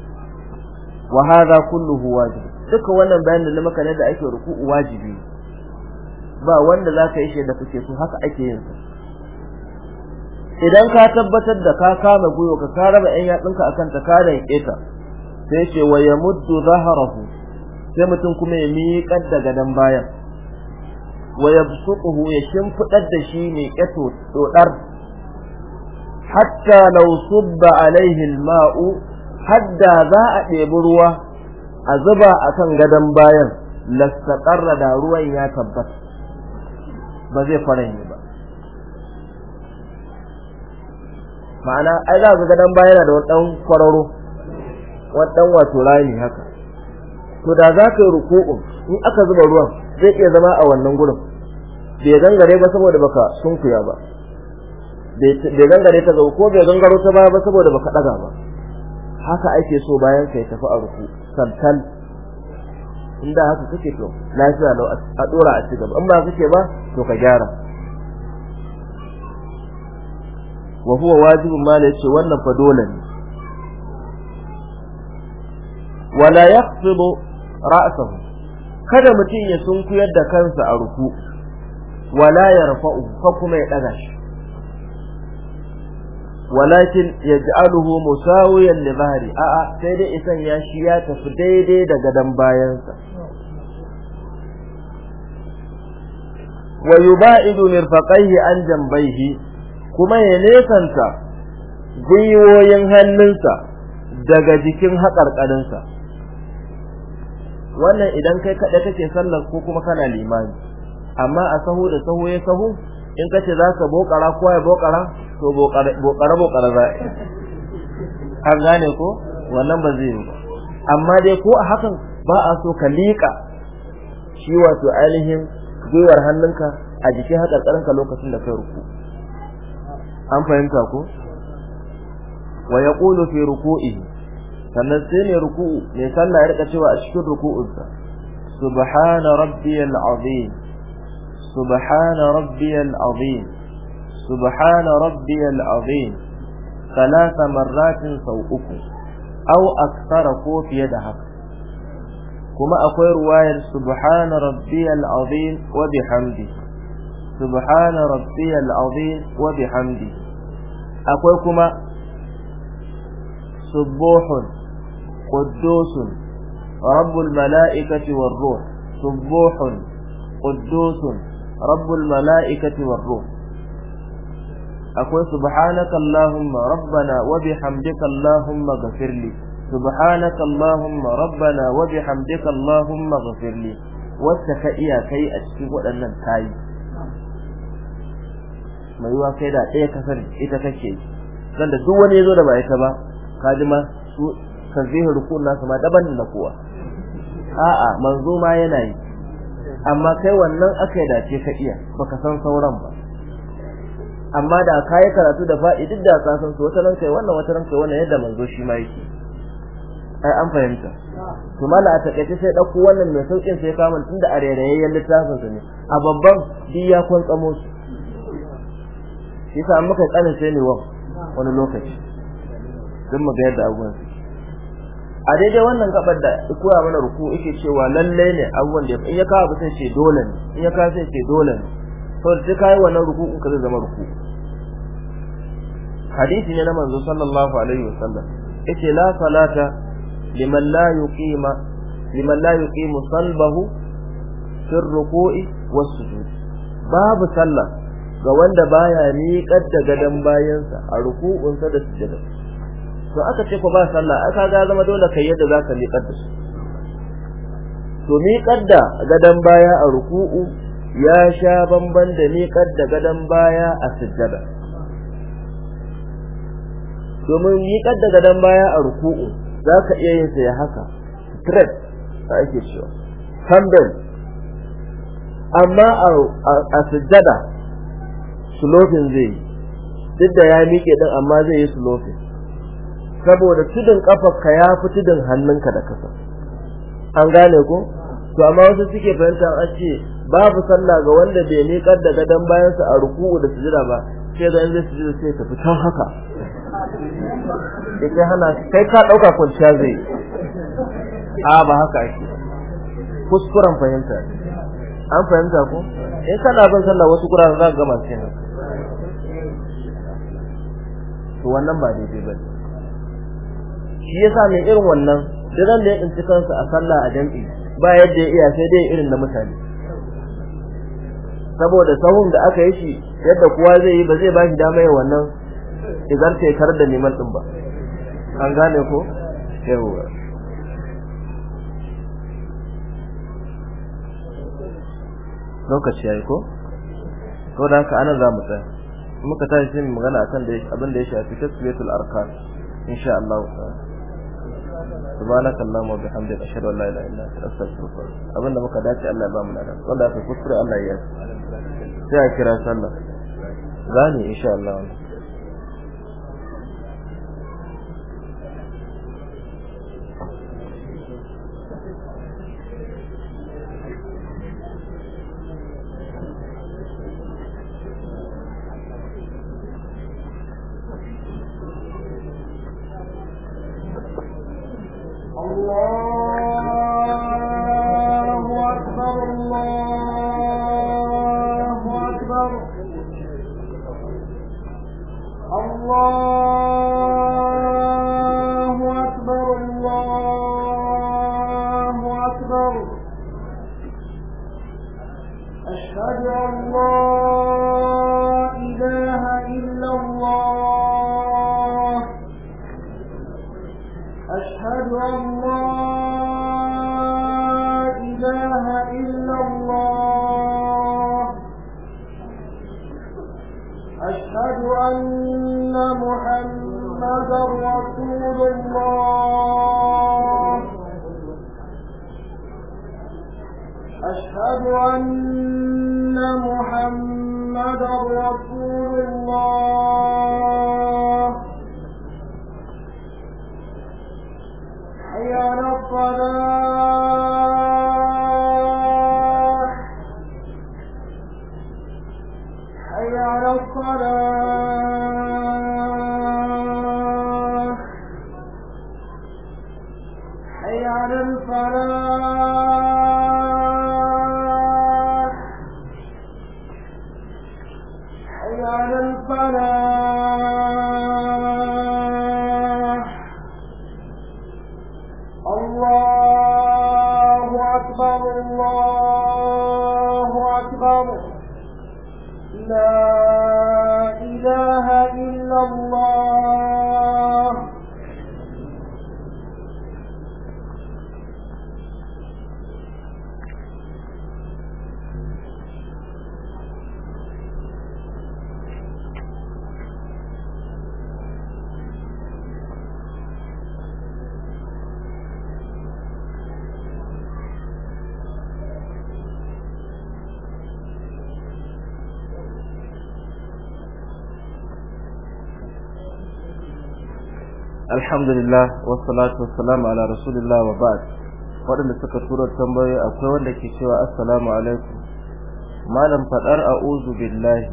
wa hadha kulluhu wajib duka wannan bayanin da maka ne da ake ruku'u wajibi ba wanda zaka yi shaida kake su haka ake yin su. idan ka tabbatar da ka kama guyo ka karaba ɗan yatsunka akan ta ka rike ta sai ce wa yamuddu zahrahu sai mutum kuma ya miƙar da nan bayan wa yabsuquhu ya shimfidar da shi ne ƙato dodar hatta law subba alaihi alma'u hadda za a ɗebi ruwa a zuba a kan gadon bayan lastaqarra da ruwan ya tabbata ba zai yi ba ma'ana ai za su gadon bayan da wadan kwararo wadan wato rami haka to da za ka yi ruku'un in aka zuba ruwan zai iya zama a wannan gurin bai gangare ba saboda baka sunkuya ba bai gangare ta zau ko bai gangaro ta baya ba saboda baka daga ba haka ake so bayan yi tafi a ruku'u salsal inda haka kake to lafiya lau a dora a ci gaba in ba kake ba to ka gyara wa huwa wajibun ma la yace wannan fa dole ne wala yaqtibu ra'sahu kada mutum ya sunkuyar yadda kansa a ruku wala yarfa'u fa kuma ya daga walakin yaj'aluhu musawiyan li dhahri a'a sai dai isan ya shi ya tafi daidai da gadan bayansa wa yubaidu mirfaqaihi an jambayhi kuma ya nesanta gwiwoyin hannunsa daga jikin haƙarƙarinsa wannan idan kai kaɗai kake sallar ko kuma kana limani amma a sahu da sahu ya sahu in kace za ka bokara ko ya bokara to bokara bokara za an gane ko wannan ba zai yi ba amma dai ko a hakan ba a so ka liƙa shi wato ainihin gwiwar hannunka a jikin haƙarƙarinka lokacin da kai ruku an fahimta ko wa yaqulu fi ruku'i sannan sai ne ruku'u mai sallah ya rika cewa a cikin ruku'unsa subhana rabbiyal azim سبحان ربي العظيم سبحان ربي العظيم ثلاث مرات سوءك أو أكثر قوت يدهك كما أقول رواية سبحان ربي العظيم وبحمده سبحان ربي العظيم وبحمده أقول كما سبوح قدوس رب الملائكة والروح سبوح قدوس rabbul mala'ikati war akwai subhanaka allahumma rabbana wa bihamdika allahumma ghafirli subhanaka allahumma rabbana wa bihamdika allahumma ghafirli wacce ka iya kai a cikin waɗannan kayi mai yiwa kai da ɗaya kasar ita duk wani ya zo da ba ita ba ka daban a'a manzo ma yana yi amma kai wannan aka yi dace ka iya baka san sauran ba amma da ka yi karatu da duk da ka san su wata nan kai wannan wata nan kai wannan yadda manzo shi ma yake ai an fahimta to mala a takaice sai dauko wannan mai saukin sai kamun tunda a rairayayyen littafin sa ne a babban duk ya shi su sa muka tsanin sai ne wa wani lokaci don mu ga yadda abubuwan a daidai wannan gabar da koya mana ruku yake cewa lalle ne a da in ya kawo abu sai ce dole ne in ya kawo sai ce dole ne to sai kai wannan ruku in ka zai zama ruku hadisi ne na manzo sallallahu alaihi wasallam yace la salata liman la yuqima liman la yuqimu salbahu fi ruku'i was sujud babu sallah ga wanda baya ni da gadan bayansa a ruku'unsa da sujudansa to aka ce ko ba sallah aka ga zama dole kai yadda zaka miƙar da su to miƙar da gadan baya a ruku'u ya sha bamban da miƙar da gadan baya a sujjada domin miƙar da gadan baya a ruku'u zaka iya yin sa ya haka straight da ake cewa humble amma a sujjada sulofin zai duk da ya miƙe din amma zai yi sulofin saboda tudun kafarka ya fi tudun hannunka da kasa an gane ko to amma wasu suke fahimta an ce babu sallah ga wanda bai miƙar da gadon bayansa a ruku'u da sujira ba sai da yanzu sujira sai ta fi can haka yake hana kai ka ɗauka kwanciya zai a ba haka ake kuskuren fahimta an fahimta ko in kana bin sallah wasu kuran za ka gama cikin to wannan ba daidai ba ne shi yasa mai irin wannan duk da ya tsinci kansa a sallah a jami'i ba yadda ya iya sai dai irin da mutane saboda sahun da aka yi shi yadda kowa zai yi ba zai ba shi yin wannan idan sai kar da neman din ba an gane ko yawa lokaci yayi ko to dan ka ana za mu tsaya muka tashi sai mu magana akan da abin da ya shafi tasbiyatul arkan insha Allah ta'ala subhanaka allahumma wa bihamdika ashhadu an la ilaha illa anta astaghfiruka abinda muka dace Allah ba mu lada wanda aka kuskure Allah ya yi sai a kira sallah zani insha Allah الله alhamdulillah wassalatu wassalamu ala rasulillah wa ba'd waɗanda suka tura tambayoyi akwai wanda ke cewa assalamu alaikum malam fadar a'udhu billahi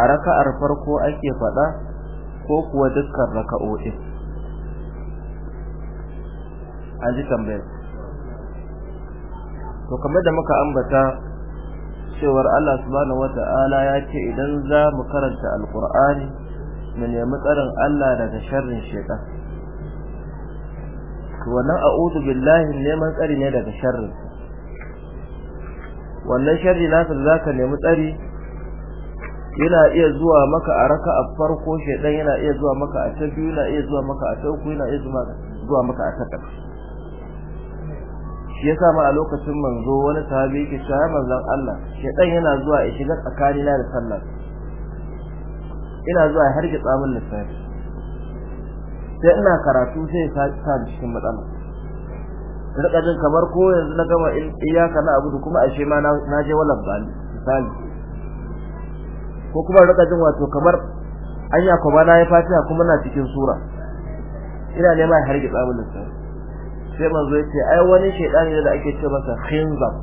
a raka'ar farko ake fada ko kuwa dukkan raka'o'i an ji to kamar da muka ambata cewar Allah subhanahu wata'ala ya ce idan za mu karanta alqur'ani mu nemi tsarin Allah daga sharrin shaitan to wannan a'udhu billahi neman tsari ne daga sharrin wannan sharri nasa da zaka nemi tsari yana iya zuwa maka a raka a farko shedan yana iya zuwa maka a ta biyu yana iya zuwa maka a ta uku yana iya zuwa maka a ta ƙarshe shi yasa ma a lokacin manzo wani sahabi yake shaya manzon Allah shedan yana zuwa ya shiga tsakanina da sallah ina zuwa har ga tsamin lissafi sai ina karatu sai ka ta cikin matsala rika jin kamar ko yanzu na gama iyaka na abudu kuma ashe ma na je wala bani misali ko kuma rika jin wato kamar anya ko bana ya fatiha kuma na cikin sura ina nema har ga tsamin lissafi sai manzo yace ai wani ne da ake ce masa khinzab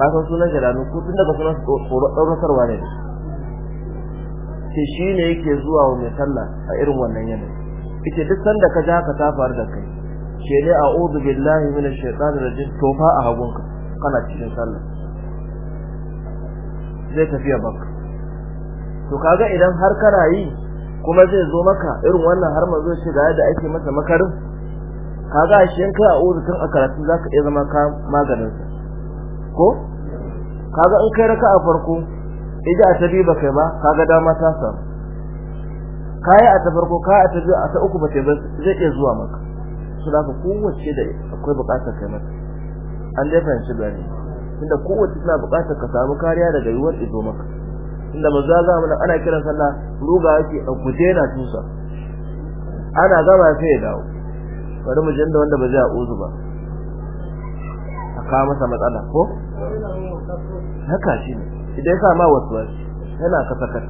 ka san sunan shi ko tun daga sunan tsoro sarwa ne ce shi ne yake zuwa wa mai sallah a irin wannan yanayi ita duk sanda ka ja ka ta da kai ke ne a uzu billahi minash shaitanir rajim to fa a hagunka kana cikin sallah zai tafiya baka to kaga idan har kana yi kuma zai zo maka irin wannan har mazo shi ga yadda ake masa makarin kaga shi in kai a tun a karatu zaka iya zama ka maganin ko kaga in kai raka'a farko idan a tabi ba kai ba kaga dama ta samu kai a ta farko kaya a ta a ta uku ba ta ba zai iya zuwa maka su da kowace da akwai bukatar kai maka an dai fahimci bane tunda kowace tana bukatar ka samu kariya daga yiwuwar izo maka tunda maza za mu ana kiran sallah ruga yake a guje na tusa ana gaba sai ya dawo bari mu jinda wanda ba zai uzu ba a kawo masa matsala ko haka shi ne idan ya sama wasu. yana kasa kan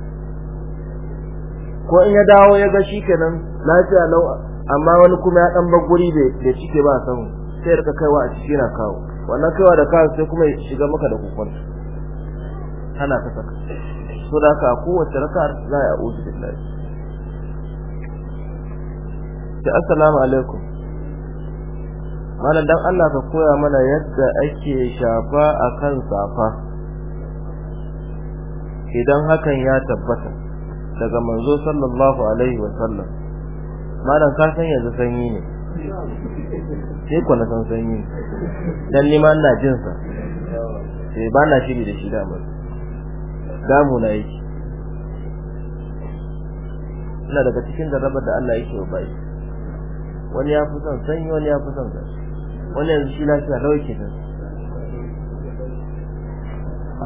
ko in ya dawo ya ga shikenan lafiya lau amma wani kuma ya dan bar guri da cike ba san sai rika kaiwa a cikin kawo wannan kaiwa da kawo sai kuma ya shiga maka da kokon ana kasa kan so da ka kowace raka za a uzu billahi ta assalamu alaikum malam dan Allah ka koya mana yadda ake shafa akan safa idan hakan ya tabbata daga manzo sallallahu alaihi wa sallam malam ka san yanzu sanyi ne sai ku san sanyi dan liman na jin sa sai eh, ba na shiri da shi da mu damu na yi ina daga cikin jarrabar da Allah yake wa wani ya fi son sanyi wani ya fi son gashi wani yanzu shi lafiya rawai ke sanyi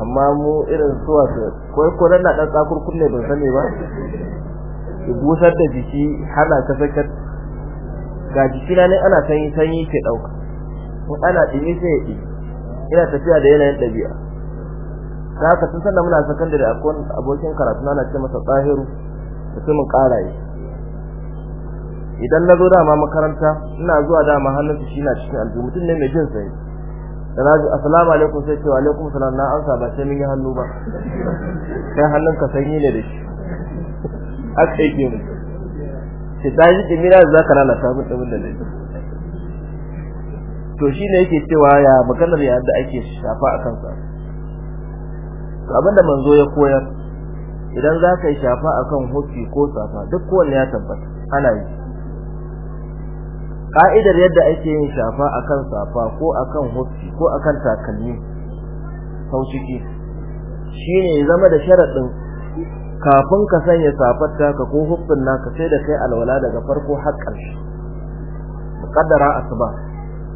amma mu irin su wato ko ko nan da tsakur kunne ban sani ba ki busar da jiki hana ka sakar ga jiki na ne ana sanyi sanyi ke dauka ko ana dimi sai yi ina tafiya da yanayin dabi'a da haka tun sanda muna secondary akwai abokin karatu na ce masa tsahiru mutumin karaye idan na zo dama makaranta ina zuwa dama hannunsa shi na cikin aljihu mutum ne mai jin sai da na ji assalamu alaikum sai ce wa alaikum salam na ansa ba sai mun yi hannu ba sai hannun ka sanyi ne da shi aka yi mu ce da ji dimi na za ka lalata mun da da ne to ne yake cewa ya maganar ya da ake shafa a kansa to abinda manzo ya koyar idan za ka yi shafa akan hoki ko safa duk kowanne ya tabbata ana yi ka'idar yadda ake yin shafa akan safa ko akan hukki ko akan takalmi sau ciki shine ya zama da sharadin kafin ka sanya safar taka ko hukkin naka sai da kai alwala daga farko har ƙarshe muqaddara asuba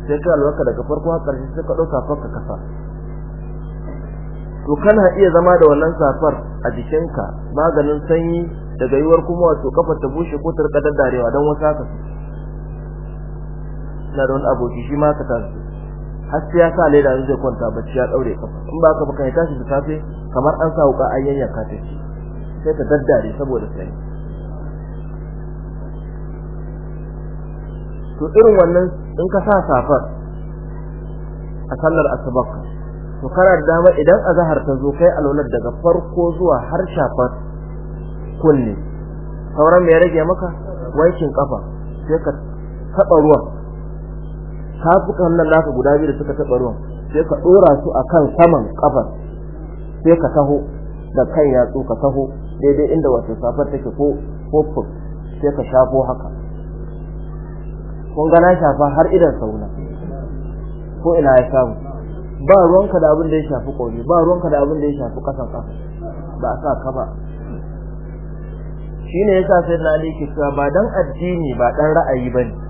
sai kai alwala daga farko har ƙarshe sai ka dauka safar ka kasa to kana iya zama da wannan safar a jikinka maganin sanyi daga yuwar kuma wato kafar ta bushe ko ta rika daddarewa don wasa ka suna da wani aboki shi ma ka tashi har sai ya sa leda zai kwanta bacci ya daure kafa in ba ka baka ya tashi da safe kamar an sa wuka an yayyanka ta sai ta daddare saboda sai to irin wannan in ka sa safar a sallar asbaq to kana da dama idan azhar ta zo kai alwalar daga farko zuwa har shafar kulli sauran me ya rage maka wankin kafa sai ka taba ruwan tafukan nan naka guda biyu da suka taɓa ruwan sai ka ɗora su a kan saman ƙafar sai ka taho da kan yatsu ka taho daidai inda wato safar take ko ko sai ka shafo haka kun gana shafa har idan sauna ko ina ya samu ba ruwanka da abin da ya shafi ƙori ba ruwanka da abin da ya shafi ƙasan ƙafa ba a sa ka ba ya sa sai na ke cewa ba dan addini ba dan ra'ayi ba ne.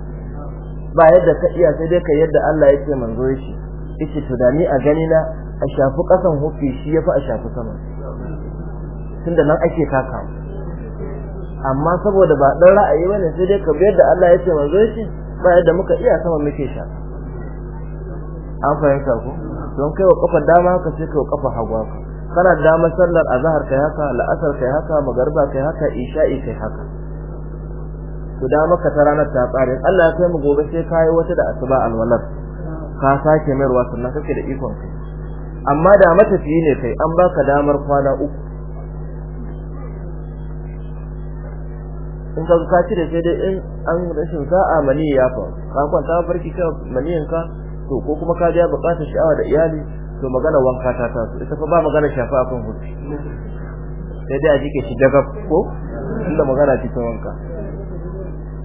ba yadda ka iya sai dai ka yadda Allah yake manzo shi yake tudani a gani na a shafi kasan hufi shi yafi a shafi sama tunda nan ake taka amma saboda ba dan ra'ayi bane sai dai ka bi yadda Allah yake manzo shi ba yadda muka iya sama muke sha an fahimta ko don kai wa kafa dama ka sai kai wa kafa hagu kana da damar sallar azhar kai haka la'asar kai haka magarba kai haka isha'i kai haka Guda da maka ta ranar ta tsare Allah ya kai mu gobe sai kai wata da asuba alwalar ka sake mai ruwa sannan kake da ikon kai amma da matafiyi ne kai an baka damar kwana uku in ka ka da sai dai in an rashin sa'a mani ya fa ka kwanta farki ka maniyan ka to ko kuma ka ga bukatar sha'awa da iyali to magana wanka ta taso ita fa ba magana shafa akan hutu sai dai a jike shi daga ko inda magana ce ta wanka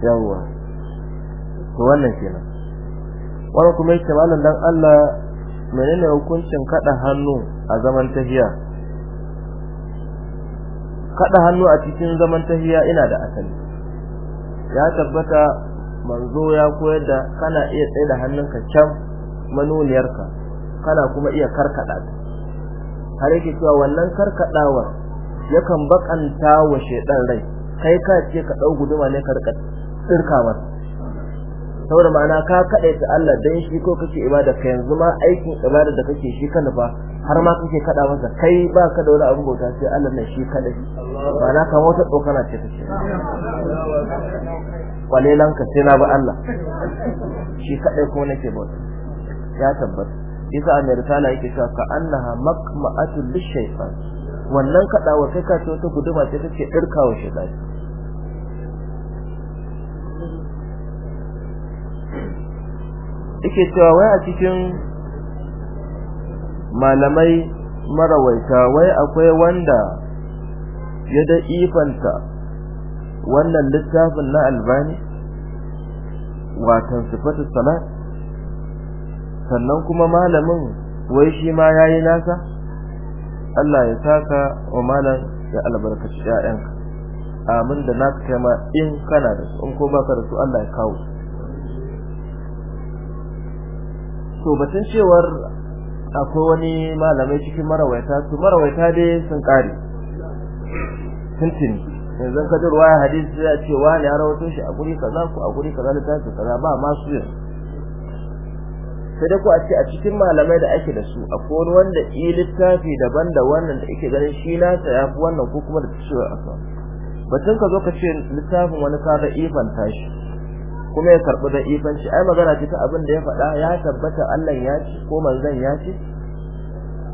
yawwa to wannan kenan wannan kuma yake malan dan Allah menene hukuncin kada hannu a zaman tahiya kada hannu a cikin zaman tahiya ina da asali ya tabbata manzo ya koyar da kana iya tsaye da hannunka can manuniyarka kana kuma iya karkada ta har yake cewa wannan karkadawa yakan bakanta wa shedan rai kai ka ce ka dau guduma ne karkada tsirkawar saboda ma'ana ka ta Allah dan shi ko kake ibada ka yanzu ma aikin ibada da kake shi kana fa har ma kake kaɗa masa kai ba ka da wani abin bauta sai Allah ne shi kaɗai ma'ana ka wata na ce kake kwalelan ka sai na ba Allah shi kaɗai ko nake bauta ya tabbata yasa annabi risala yake cewa ka annaha makma'atul lishaytan wannan kaɗawa kai ka ce wata guduma ce take ɗirkawa shaytan yake cewa wai a cikin malamai marawaita wai akwai wanda ya da ifanta wannan littafin na albani watan sifatu sana sannan kuma malamin wai shi ma ya yi nasa Allah ya saka wa malam ya albarkaci 'ya'yanka amin da na kai ma in kana da su in ko baka da su Allah ya kawo su to batun cewar akwai wani malamai cikin marawaita su marawaita dai sun kare tuntuni yanzu ka ji ruwaya hadisi ya ce wani ya rawato shi a guri kaza ko a guri kaza littafi kaza ba ma su yin sai da ku a ce a cikin malamai da ake da su akwai wani wanda yi littafi daban da wannan da ake ganin shi na ta yafi wannan ko kuma da ta ce a kan batun ka zo ka ce littafin wani kaga ifan tashi kuma ya karbi da ifanci ai magana ce ta abin da ya faɗa ya tabbata Allah ya ci ko manzon ya ci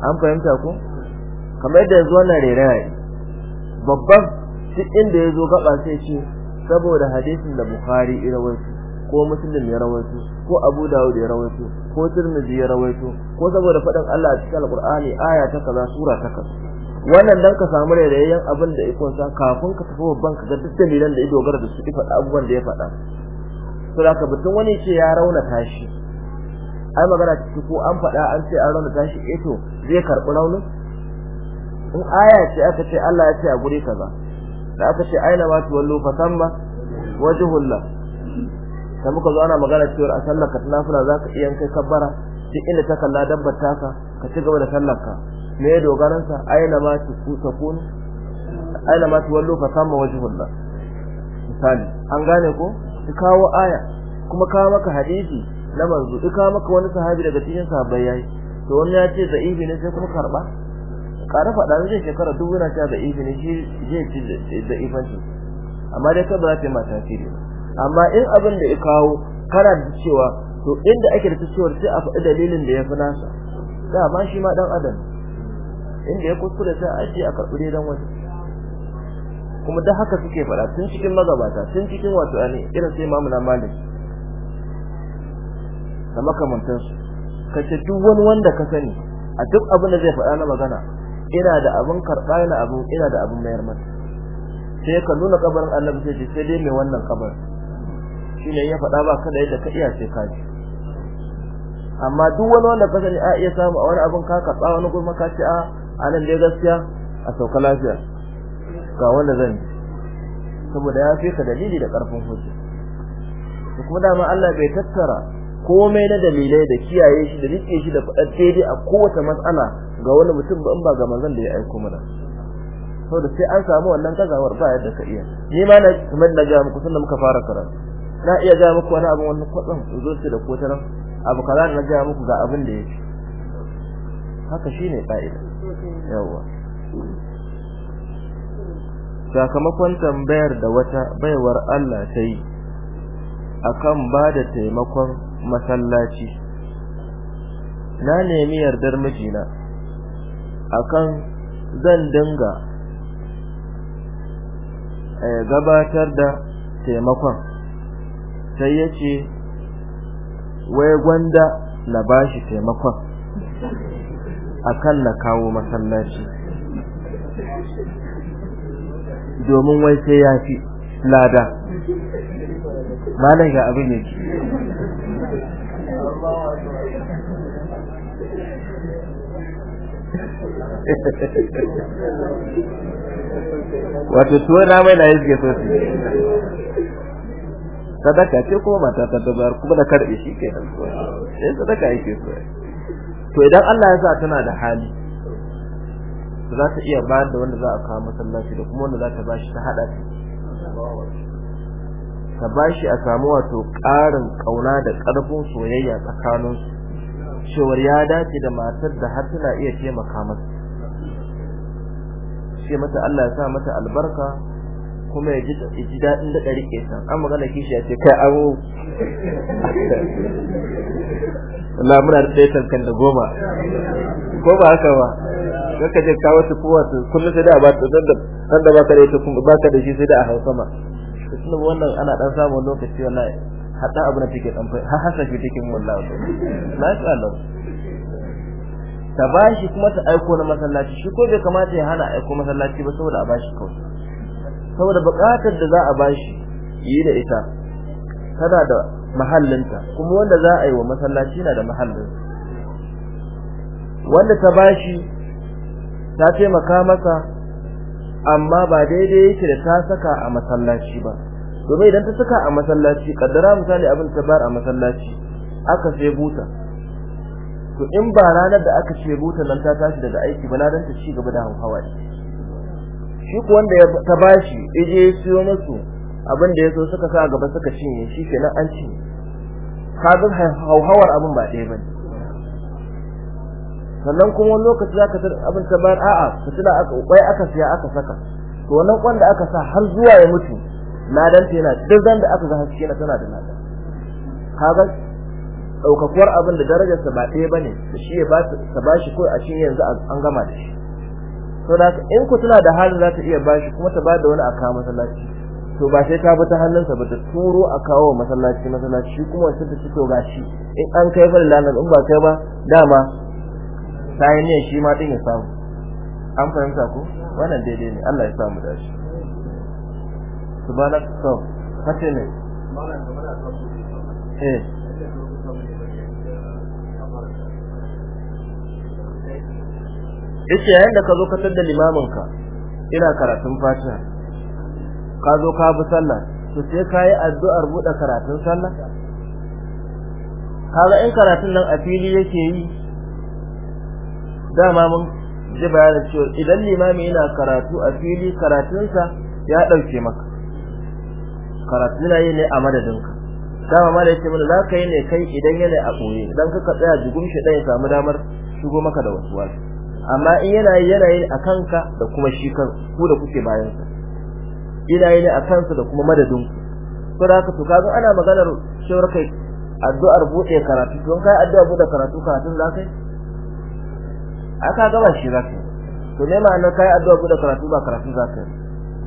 an fahimta ko kamar da yanzu wannan reraye babban shi inda ya zo gaba sai ce saboda hadisin da Bukhari ya rawaito ko Muslim ya rawaito ko Abu Dawud ya rawaito ko Tirmidhi ya rawaito ko saboda faɗin Allah a cikin Al-Qur'ani aya ta kaza sura ta kaza wannan dan ka samu rairayen abin da ikon sa kafin ka tafi babban ka ga duk dalilan da ido gara da su ifa abubuwan da ya faɗa to da ka batun wani ce ya rauna tashi ai magana ciki ko an fada an ce an rauna tashi eh to zai karɓi raunin in aya ce aka ce Allah ya ce a guri kaza da aka ce aina ma tu wallu fa tamma wajhullah sai muka zo ana magana cewa a sallar ka za zaka iya kai kabbara duk inda ta kalla dabbar taka ka ci gaba da sallar ka me dogaran sa aina ma tu takun aina ma tu wallu fa wajhullah misali an gane ko ka kawo aya kuma kawo maka hadisi na manzo ka maka wani sahabi daga cikin sahabbai yayi to wani ya ce da'ibi ne sai kuma karba ƙara faɗa zai shekara dubu yana ta da'ibi ne shi zai ci ibanci amma dai ka ba ta mata tiri amma in abin da ya kawo kana da cewa to inda ake da cewar sai a faɗi dalilin da ya fi nasa da ma shi ma dan adam inda ya kuskure sai a ce a karɓi dan wani kuma da haka suke fada tun cikin magabata tun cikin wato ne irin sai imamu na malik da makamantansu ce duk wani wanda ka sani a duk abin da zai faɗa na magana ina da abin karɓa na abin ina da abin mayar mata sai ka nuna kabarin annabi sai sai dai mai wannan kabar ne ya faɗa ba kada yadda ka iya sai ka ji amma duk wani wanda ka sani a iya samu a wani abin ka karɓa wani kuma ka ce a anan dai gaskiya a sauka lafiya ga wanda zan saboda ya fika dalili da karfin hujja to kuma dama Allah bai tattara komai na dalilai da kiyaye shi da rike shi da fadar daidai a kowace matsala ga wani mutum ba in ba ga manzon da ya aiko mana saboda sai an samu wannan kazawar ba yadda ka iya ni ma na kamar na ga muku sannan muka fara karatu na iya ga muku wani abu wannan kwatsan zo ce da kotaran abu kaza na ga muku ga abin da yake haka shine fa'ida yawa sakamakon tambayar da wata baiwar Allah ta yi akan ba da taimakon masallaci na nemi yardar mijina akan zan dinga eh, gabatar da taimakon sai ya ce wai gwanda na bashi taimakon akan na kawo masallaci domin wai sai ya fi lada malam ga abin yake wato tuwon ramai na yake so su sadaka ce kuma mata ta dabar kuma da karbe shi ke nan sai sadaka yake so to idan Allah ya sa tana da hali za ta iya bayar da wanda za a kawo masallaci da kuma wanda za ta bashi ta hada ta ta bashi a samu wato ƙarin kauna da ƙarfin soyayya tsakanin cewar ya dace da matar da har tana iya taimaka masa Sai mata Allah ya sa mata albarka kuma ya ji daɗin da ɗari ƙesa an magana kishi ya ce kai abu. Allah muna da ɗaya tankan da goma ko ba haka ba kaka je kawo su kowa su kullum sai da ba ta nan da ba ka da ita kuma ka da shi sai da a Hausa ma tunda wannan ana dan samun lokaci wallahi hada abu na cikin dan fa hasa shi cikin wallahi na sha Allah ta bashi kuma ta aiko na masallaci shi ko bai kamata ya hana aiko masallaci ba saboda a bashi kawai saboda bukatar da za a bashi yi da ita tana da mahallinta kuma wanda za a yi wa masallaci na da mahallin wanda ta bashi ta taimaka masa amma ba daidai yake da ta saka a masallaci ba domin idan ta saka a masallaci kaddara misali abin ta bar a masallaci aka sai buta to in ba ranar da aka ce buta nan ta tashi daga aiki ba na dan ta ci gaba da hawaye shi ko wanda ya ta bashi ije ya siyo musu abin da yaso suka sa gaba suka cinye shi kenan an ci kaga hauhawar abin ba ɗaya bane sannan kuma wani lokaci zaka tar abin ta bayar a'a tuna aka kwai aka siya aka saka to wannan kwan da aka sa har zuwa ya mutu na ta yana duk da aka ga haske na tana da Ka kaga daukakuwar abin da darajar sa ba ɗaya bane da shi ya ba ta bashi ko a cikin yanzu an gama da shi to da in ku tuna da halin za ta iya bashi kuma ta bada wani aka masallaci to ba sai ta bi ta hannunsa ba ta turo a kawo masallaci masallaci kuma wacce ta ci gashi in an kai fa lalan in ba kai ba dama Kayan ne shi ma din ya samu an fahimta ko wannan daidai ne Allah ya samu da shi subhanak to kace ne eh yace yayin da ka zo ka tada limamin ka ina karatun fatiha ka zo ka bi sallah to sai ka yi addu'ar buɗe karatun sallah kaga in karatun nan a fili yake yi dama mun ji bayanin cewa idan limami yana karatu a fili karatunsa ya ɗauke maka karatu na yi ne a madadinka dama ma da yake mana za ka yi ne kai idan yana a ɓoye don ka tsaya jigun shi ɗaya samu damar shigo maka da wasu wasu amma in yana yi yana yi a kanka da kuma shi kan ku da kuke bayansa Ina yi ne a kansa da kuma madadinku ko da haka to kaga ana maganar cewar kai addu'ar buɗe karatu don kai addu'a buɗe karatu karatun za kai aka ba shi zaka to ma ma'ana kai addu'a bude karatu ba karatu zaka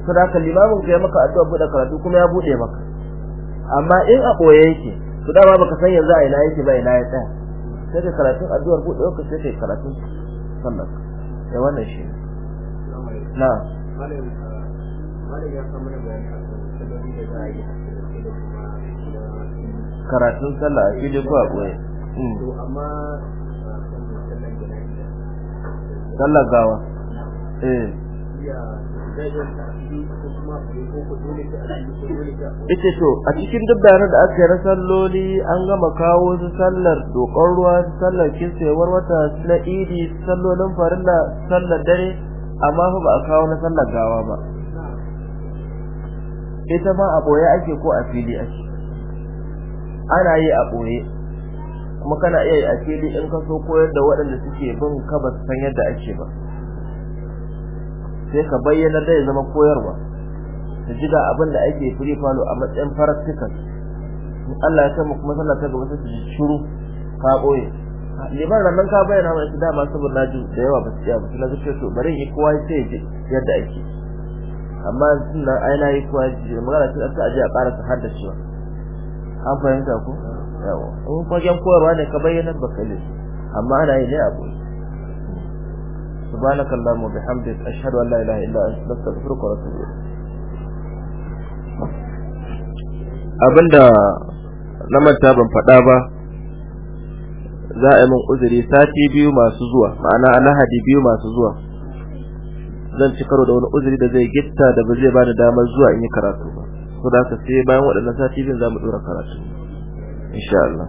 to da ka limamin kai maka addu'a bude karatu kuma ya bude maka amma in a boye yake to da ba baka san yanzu a ina yake ba ina ya tsaya sai ka karatu addu'ar bude ka sai kai karatu sallar ya wannan shi na karatun sallah a fili ko a ɓoye. Hmm. To amma ita eh. to a cikin duk bayanan da aka yi na salloli an gama kawo su sallar dokar ruwa sallar kisewar wata na idi sallolin farilla sallar dare amma ba a kawo na sallar gawa ba ita ma a boye ake ko a fili ake ana yi a ɓoye. kuma kana iya yi a fili in ka so koyar da waɗanda suke bin ka ba san yadda ake ba sai ka bayyana da ya zama koyarwa ta ji da abin da ake free falo a matsayin practical in Allah ya mu kuma sallah ta gaba sai su ji shiru ka ɓoye liman nan ka bayyana mai su dama saboda na ji da yawa ba su iya ba su na zuciya to bari yi kowa sai ya ji yadda ake amma suna aina yi kowa ya ji magana sai ta ajiye a ƙara su har da cewa an fahimta ko yawa in fagen koyarwa ne ka bayyana baka ne amma ana yi ne abu سبحانك اللهم وبحمدك أشهد أن لا إله إلا أنت نستغفرك ونتوب إليك abinda na manta ban faɗa ba za a yi min uzuri sati biyu masu zuwa ma'ana lahadi biyu masu zuwa zan ci karo da wani uzuri da zai gitta da ba zai bani damar zuwa in yi karatu ba saboda haka sai bayan waɗannan sati biyun za mu ɗora karatu insha Allah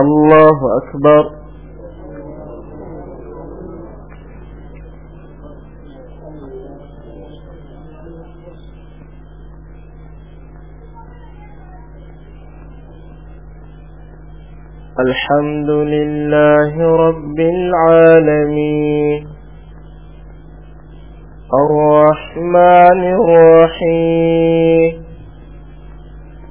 الله أكبر الحمد لله رب العالمين الرحمن الرحيم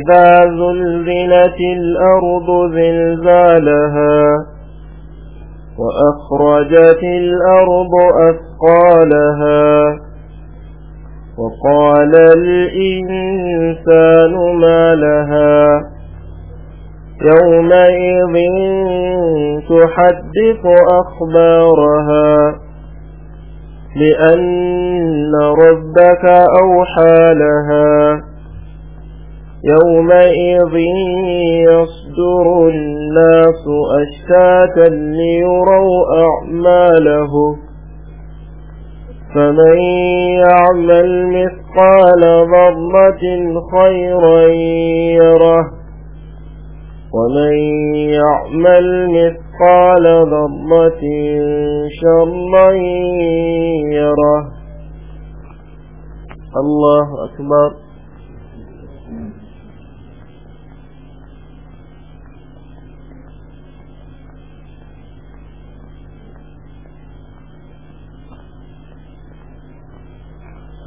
إذا زلزلت الأرض زلزالها وأخرجت الأرض أثقالها وقال الإنسان ما لها يومئذ تحدث أخبارها لأن ربك أوحى لها يومئذ يصدر الناس أشتاتا ليروا أعماله فمن يعمل مثقال ضرة خيرا يره ومن يعمل مثقال ضرة شرا يره الله أكبر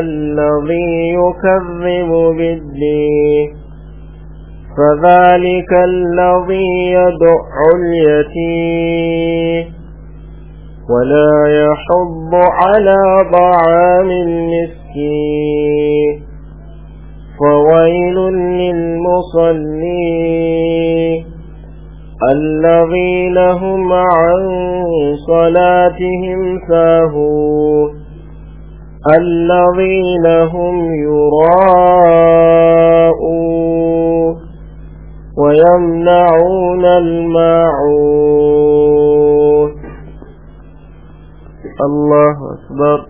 الذي يكذب بالدين فذلك الذي يدع اليتيم ولا يحض على طعام المسكين فويل للمصلين الذين هم عن صلاتهم ساهون الذين هم يراءون ويمنعون الماعون الله أكبر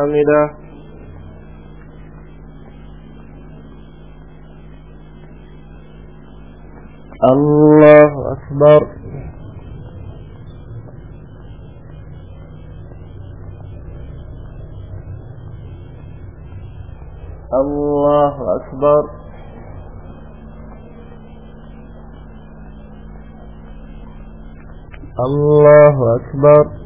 Allah Akbar Allah Akbar Allah Akbar Allah Akbar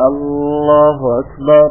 الله أكبر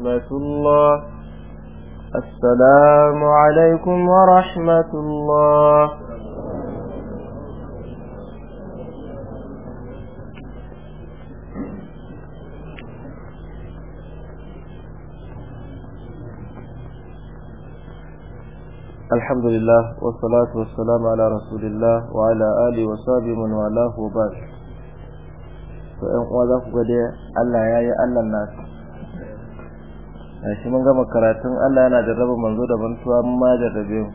ورحمة الله السلام عليكم ورحمة الله الحمد لله والصلاة والسلام على رسول الله وعلى آله وصحبه من والاه وبعد فإن وذاك قد الله يا الله الناس A shi mun gama karatun Allah yana da jarraba manzo da bantuwa ma rabe mu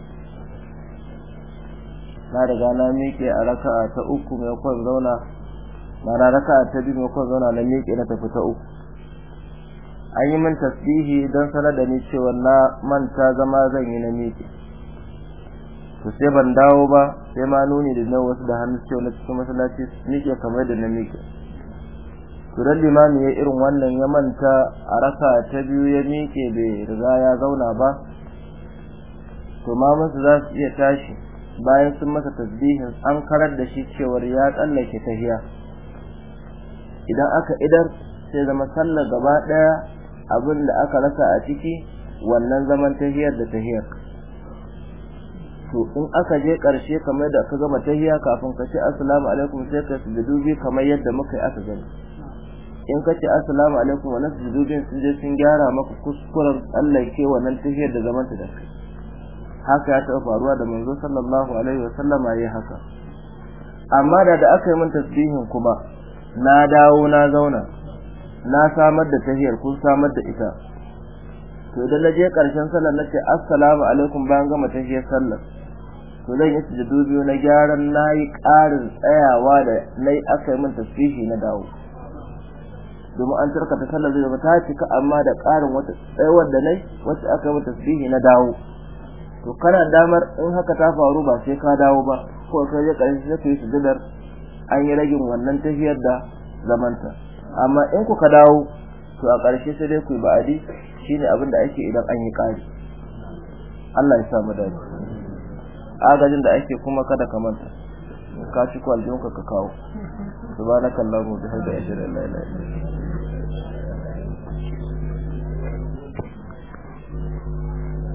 na riga na miƙe a raka'a ta uku mai kwan zauna mana raka'a ta biyu mai kwan zauna na miƙe na tafi ta uku an yi min tasbihi don sanar da ni cewa na manta zama zan yi na miƙe to sai ban dawo ba sai ma nuni da na wasu da hannu cewa na cikin masallaci miƙe kamar da na miƙe turan limami ya irin wannan ya manta a raka ta biyu ya miƙe bai riga ya zauna ba to ma masu za su iya tashi bayan sun masa tasbihin an karar da shi cewar ya tsallake tahiya idan aka idar sai zama sallar gaba ɗaya abin da aka rasa a ciki wannan zaman tahiyar da tahiyar to in aka je ƙarshe kamar da aka gama tahiya kafin ka ce assalamu alaikum sai ka sujudu dubi kamar yadda muka yi aka gani in ka ce assalamu alaikum wa nasu zubin sun je sun gyara maka kuskuren Allah ke wannan tafiyar da zaman ta da kai haka ya taɓa faruwa da manzo sallallahu alaihi wa sallama yayi haka amma da da aka yi min tasbihin kuma na dawo na zauna na samar da tafiyar kun samar da ita to idan na je karshen sallar na ce assalamu alaikum bayan gama tafiyar sallar to zan yi sujudu biyu na gyaran na yi ƙarin tsayawa da na yi aka yi min tasbihi na dawo domin an ta sallar zai ta cika amma da ƙarin wata tsayawar da nai wacce aka yi tasbihi na dawo to kana damar in haka ta faru ba sai ka dawo ba ko kai ya ƙarshe sai ka yi sujudar an yi ragin wannan tafiyar da zamanta amma in ku ka dawo to a ƙarshe sai dai ku yi ba'adi shine abin da ake idan an yi ƙari Allah ya samu dace agajin da ake kuma kada ka manta ka ci kwaljinka ka kawo subhanakallahumma bihamdika ashhadu an la ilaha illa anta